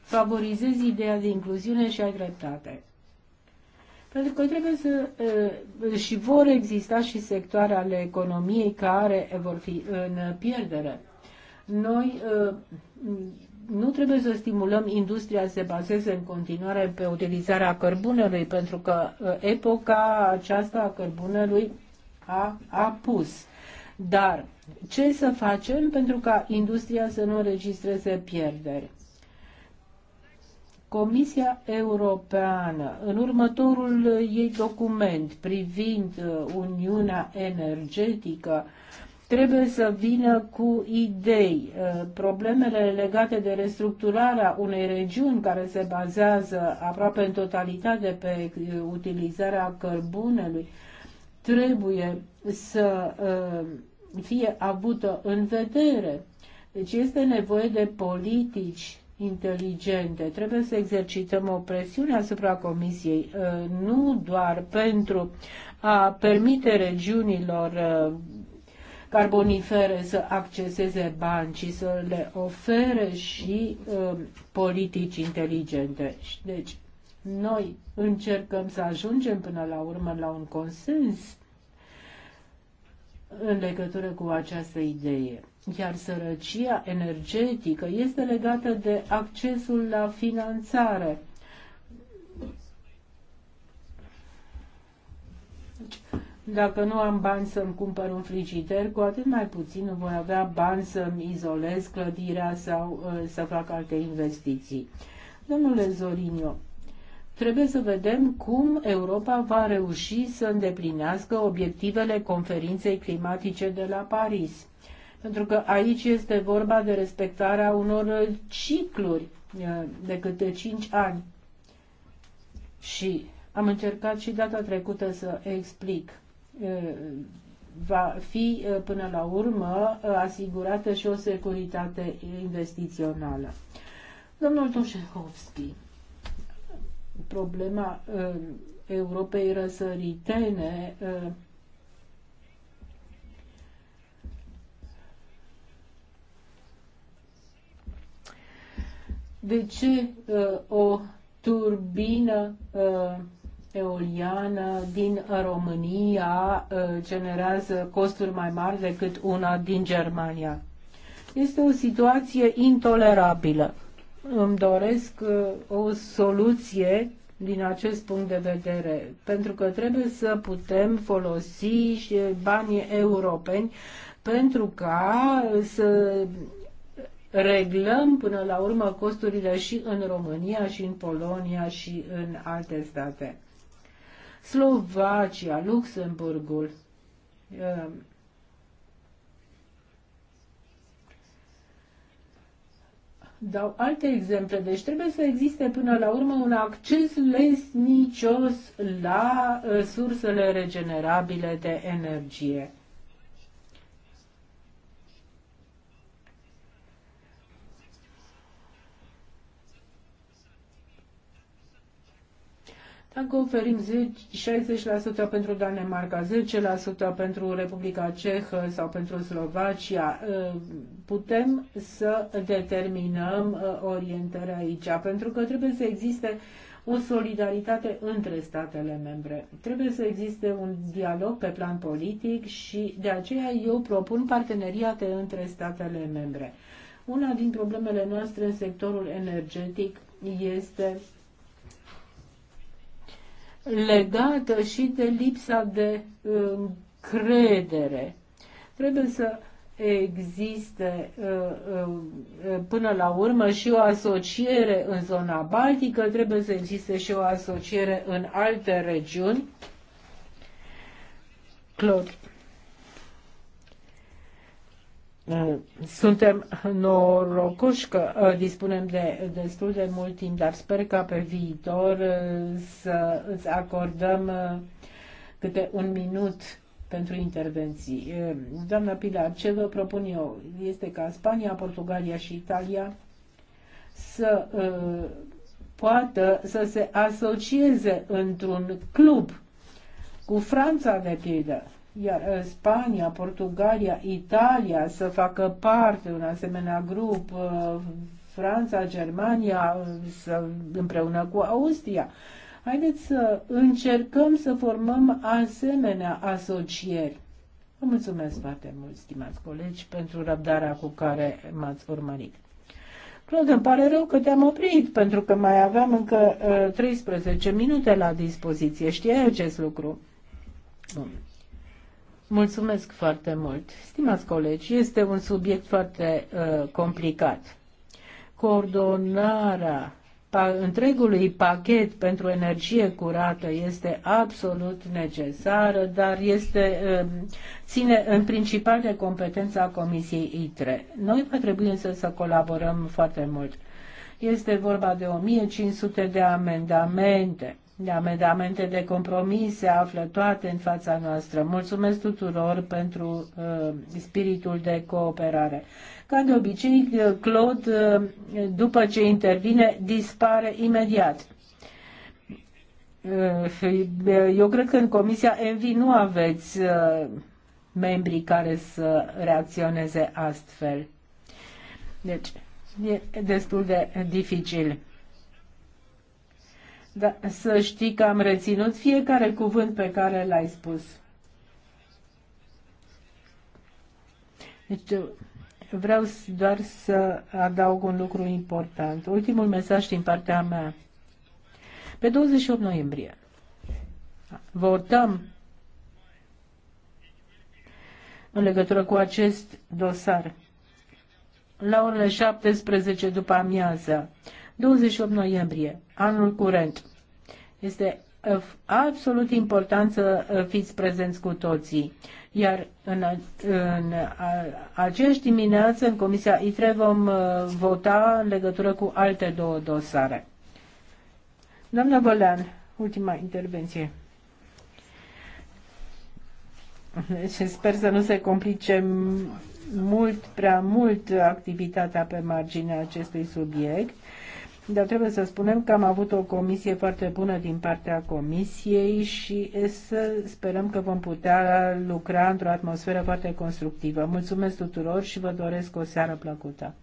favorizezi ideea de incluziune și ai dreptate. Pentru că trebuie să uh, și vor exista și sectoare ale economiei care vor fi în pierdere noi uh, nu trebuie să stimulăm industria să se bazeze în continuare pe utilizarea cărbunelui, pentru că uh, epoca aceasta a cărbunelui a apus. Dar ce să facem pentru ca industria să nu înregistreze pierderi? Comisia Europeană, în următorul ei document privind uh, Uniunea Energetică, trebuie să vină cu idei. Uh, problemele legate de restructurarea unei regiuni care se bazează aproape în totalitate pe uh, utilizarea cărbunelui trebuie să uh, fie avută în vedere. Deci este nevoie de politici inteligente. Trebuie să exercităm o presiune asupra Comisiei, nu doar pentru a permite regiunilor carbonifere să acceseze bani, ci să le ofere și uh, politici inteligente. Deci, noi încercăm să ajungem până la urmă la un consens în legătură cu această idee. Iar sărăcia energetică este legată de accesul la finanțare. Deci, dacă nu am bani să-mi cumpăr un frigider, cu atât mai puțin nu voi avea bani să-mi izolez clădirea sau uh, să fac alte investiții. Domnule Zorinio, trebuie să vedem cum Europa va reuși să îndeplinească obiectivele conferinței climatice de la Paris. Pentru că aici este vorba de respectarea unor cicluri uh, de câte 5 ani. Și am încercat și data trecută să explic Uh, va fi uh, până la urmă uh, asigurată și o securitate investițională. Domnul Toșehovski, problema Europei răsăritene de ce uh, o turbină uh, eoliană din România uh, generează costuri mai mari decât una din Germania. Este o situație intolerabilă. Îmi doresc uh, o soluție din acest punct de vedere, pentru că trebuie să putem folosi și uh, banii europeni pentru ca să reglăm până la urmă costurile și în România, și în Polonia, și în alte state. Slovacia, Luxemburgul. Ehm. dau alte exemple. Deci trebuie să existe până la urmă un acces lesnicios la eh, sursele regenerabile de energie. Dacă oferim 60% pentru Danemarca, 10% pentru Republica Cehă sau pentru Slovacia, ă, putem să determinăm ă, orientarea aici, pentru că trebuie să existe o solidaritate între statele membre. Trebuie să existe un dialog pe plan politic și de aceea eu propun parteneriate între statele membre. Una din problemele noastre în sectorul energetic este legată și de lipsa de încredere. Trebuie să existe uh, uh, uh, până la urmă și o asociere în zona baltică, trebuie să existe și o asociere în alte regiuni. Claude suntem norocoși că ă, dispunem de destul de mult timp, dar sper ca pe viitor ă, să îți acordăm ă, câte un minut pentru intervenții. Doamna Pilar, ce vă propun eu este ca Spania, Portugalia și Italia să poată să se asocieze într-un club cu Franța, de pildă, iar uh, Spania, Portugalia, Italia să facă parte un asemenea grup, uh, Franța, Germania uh, să, împreună cu Austria. Haideți să încercăm să formăm asemenea asocieri. Vă mulțumesc foarte mult, stimați colegi, pentru răbdarea cu care m-ați urmărit. Claude, îmi pare rău că te-am oprit, pentru că mai aveam încă uh, 13 minute la dispoziție. Știai acest lucru? Bun. Mulțumesc foarte mult. Stimați colegi, este un subiect foarte uh, complicat. Coordonarea pa- întregului pachet pentru energie curată este absolut necesară, dar este, uh, ține în principal de competența Comisiei ITRE. Noi va trebui însă să colaborăm foarte mult. Este vorba de 1500 de amendamente de amendamente de compromis se află toate în fața noastră. Mulțumesc tuturor pentru uh, spiritul de cooperare. Ca de obicei, uh, Claude, uh, după ce intervine, dispare imediat. Uh, eu cred că în Comisia Envi nu aveți uh, membrii care să reacționeze astfel. Deci, e destul de dificil dar să știi că am reținut fiecare cuvânt pe care l-ai spus. Deci, vreau doar să adaug un lucru important. Ultimul mesaj din partea mea. Pe 28 noiembrie votăm în legătură cu acest dosar la orele 17 după amiază. 28 noiembrie, anul curent. Este uh, absolut important să uh, fiți prezenți cu toții. Iar în, în aceeași dimineață, în Comisia ITRE, vom uh, vota în legătură cu alte două dosare. Doamna Bălean, ultima intervenție. Deci sper să nu se complice mult, prea mult activitatea pe marginea acestui subiect. Dar trebuie să spunem că am avut o comisie foarte bună din partea comisiei și să sperăm că vom putea lucra într-o atmosferă foarte constructivă. Mulțumesc tuturor și vă doresc o seară plăcută.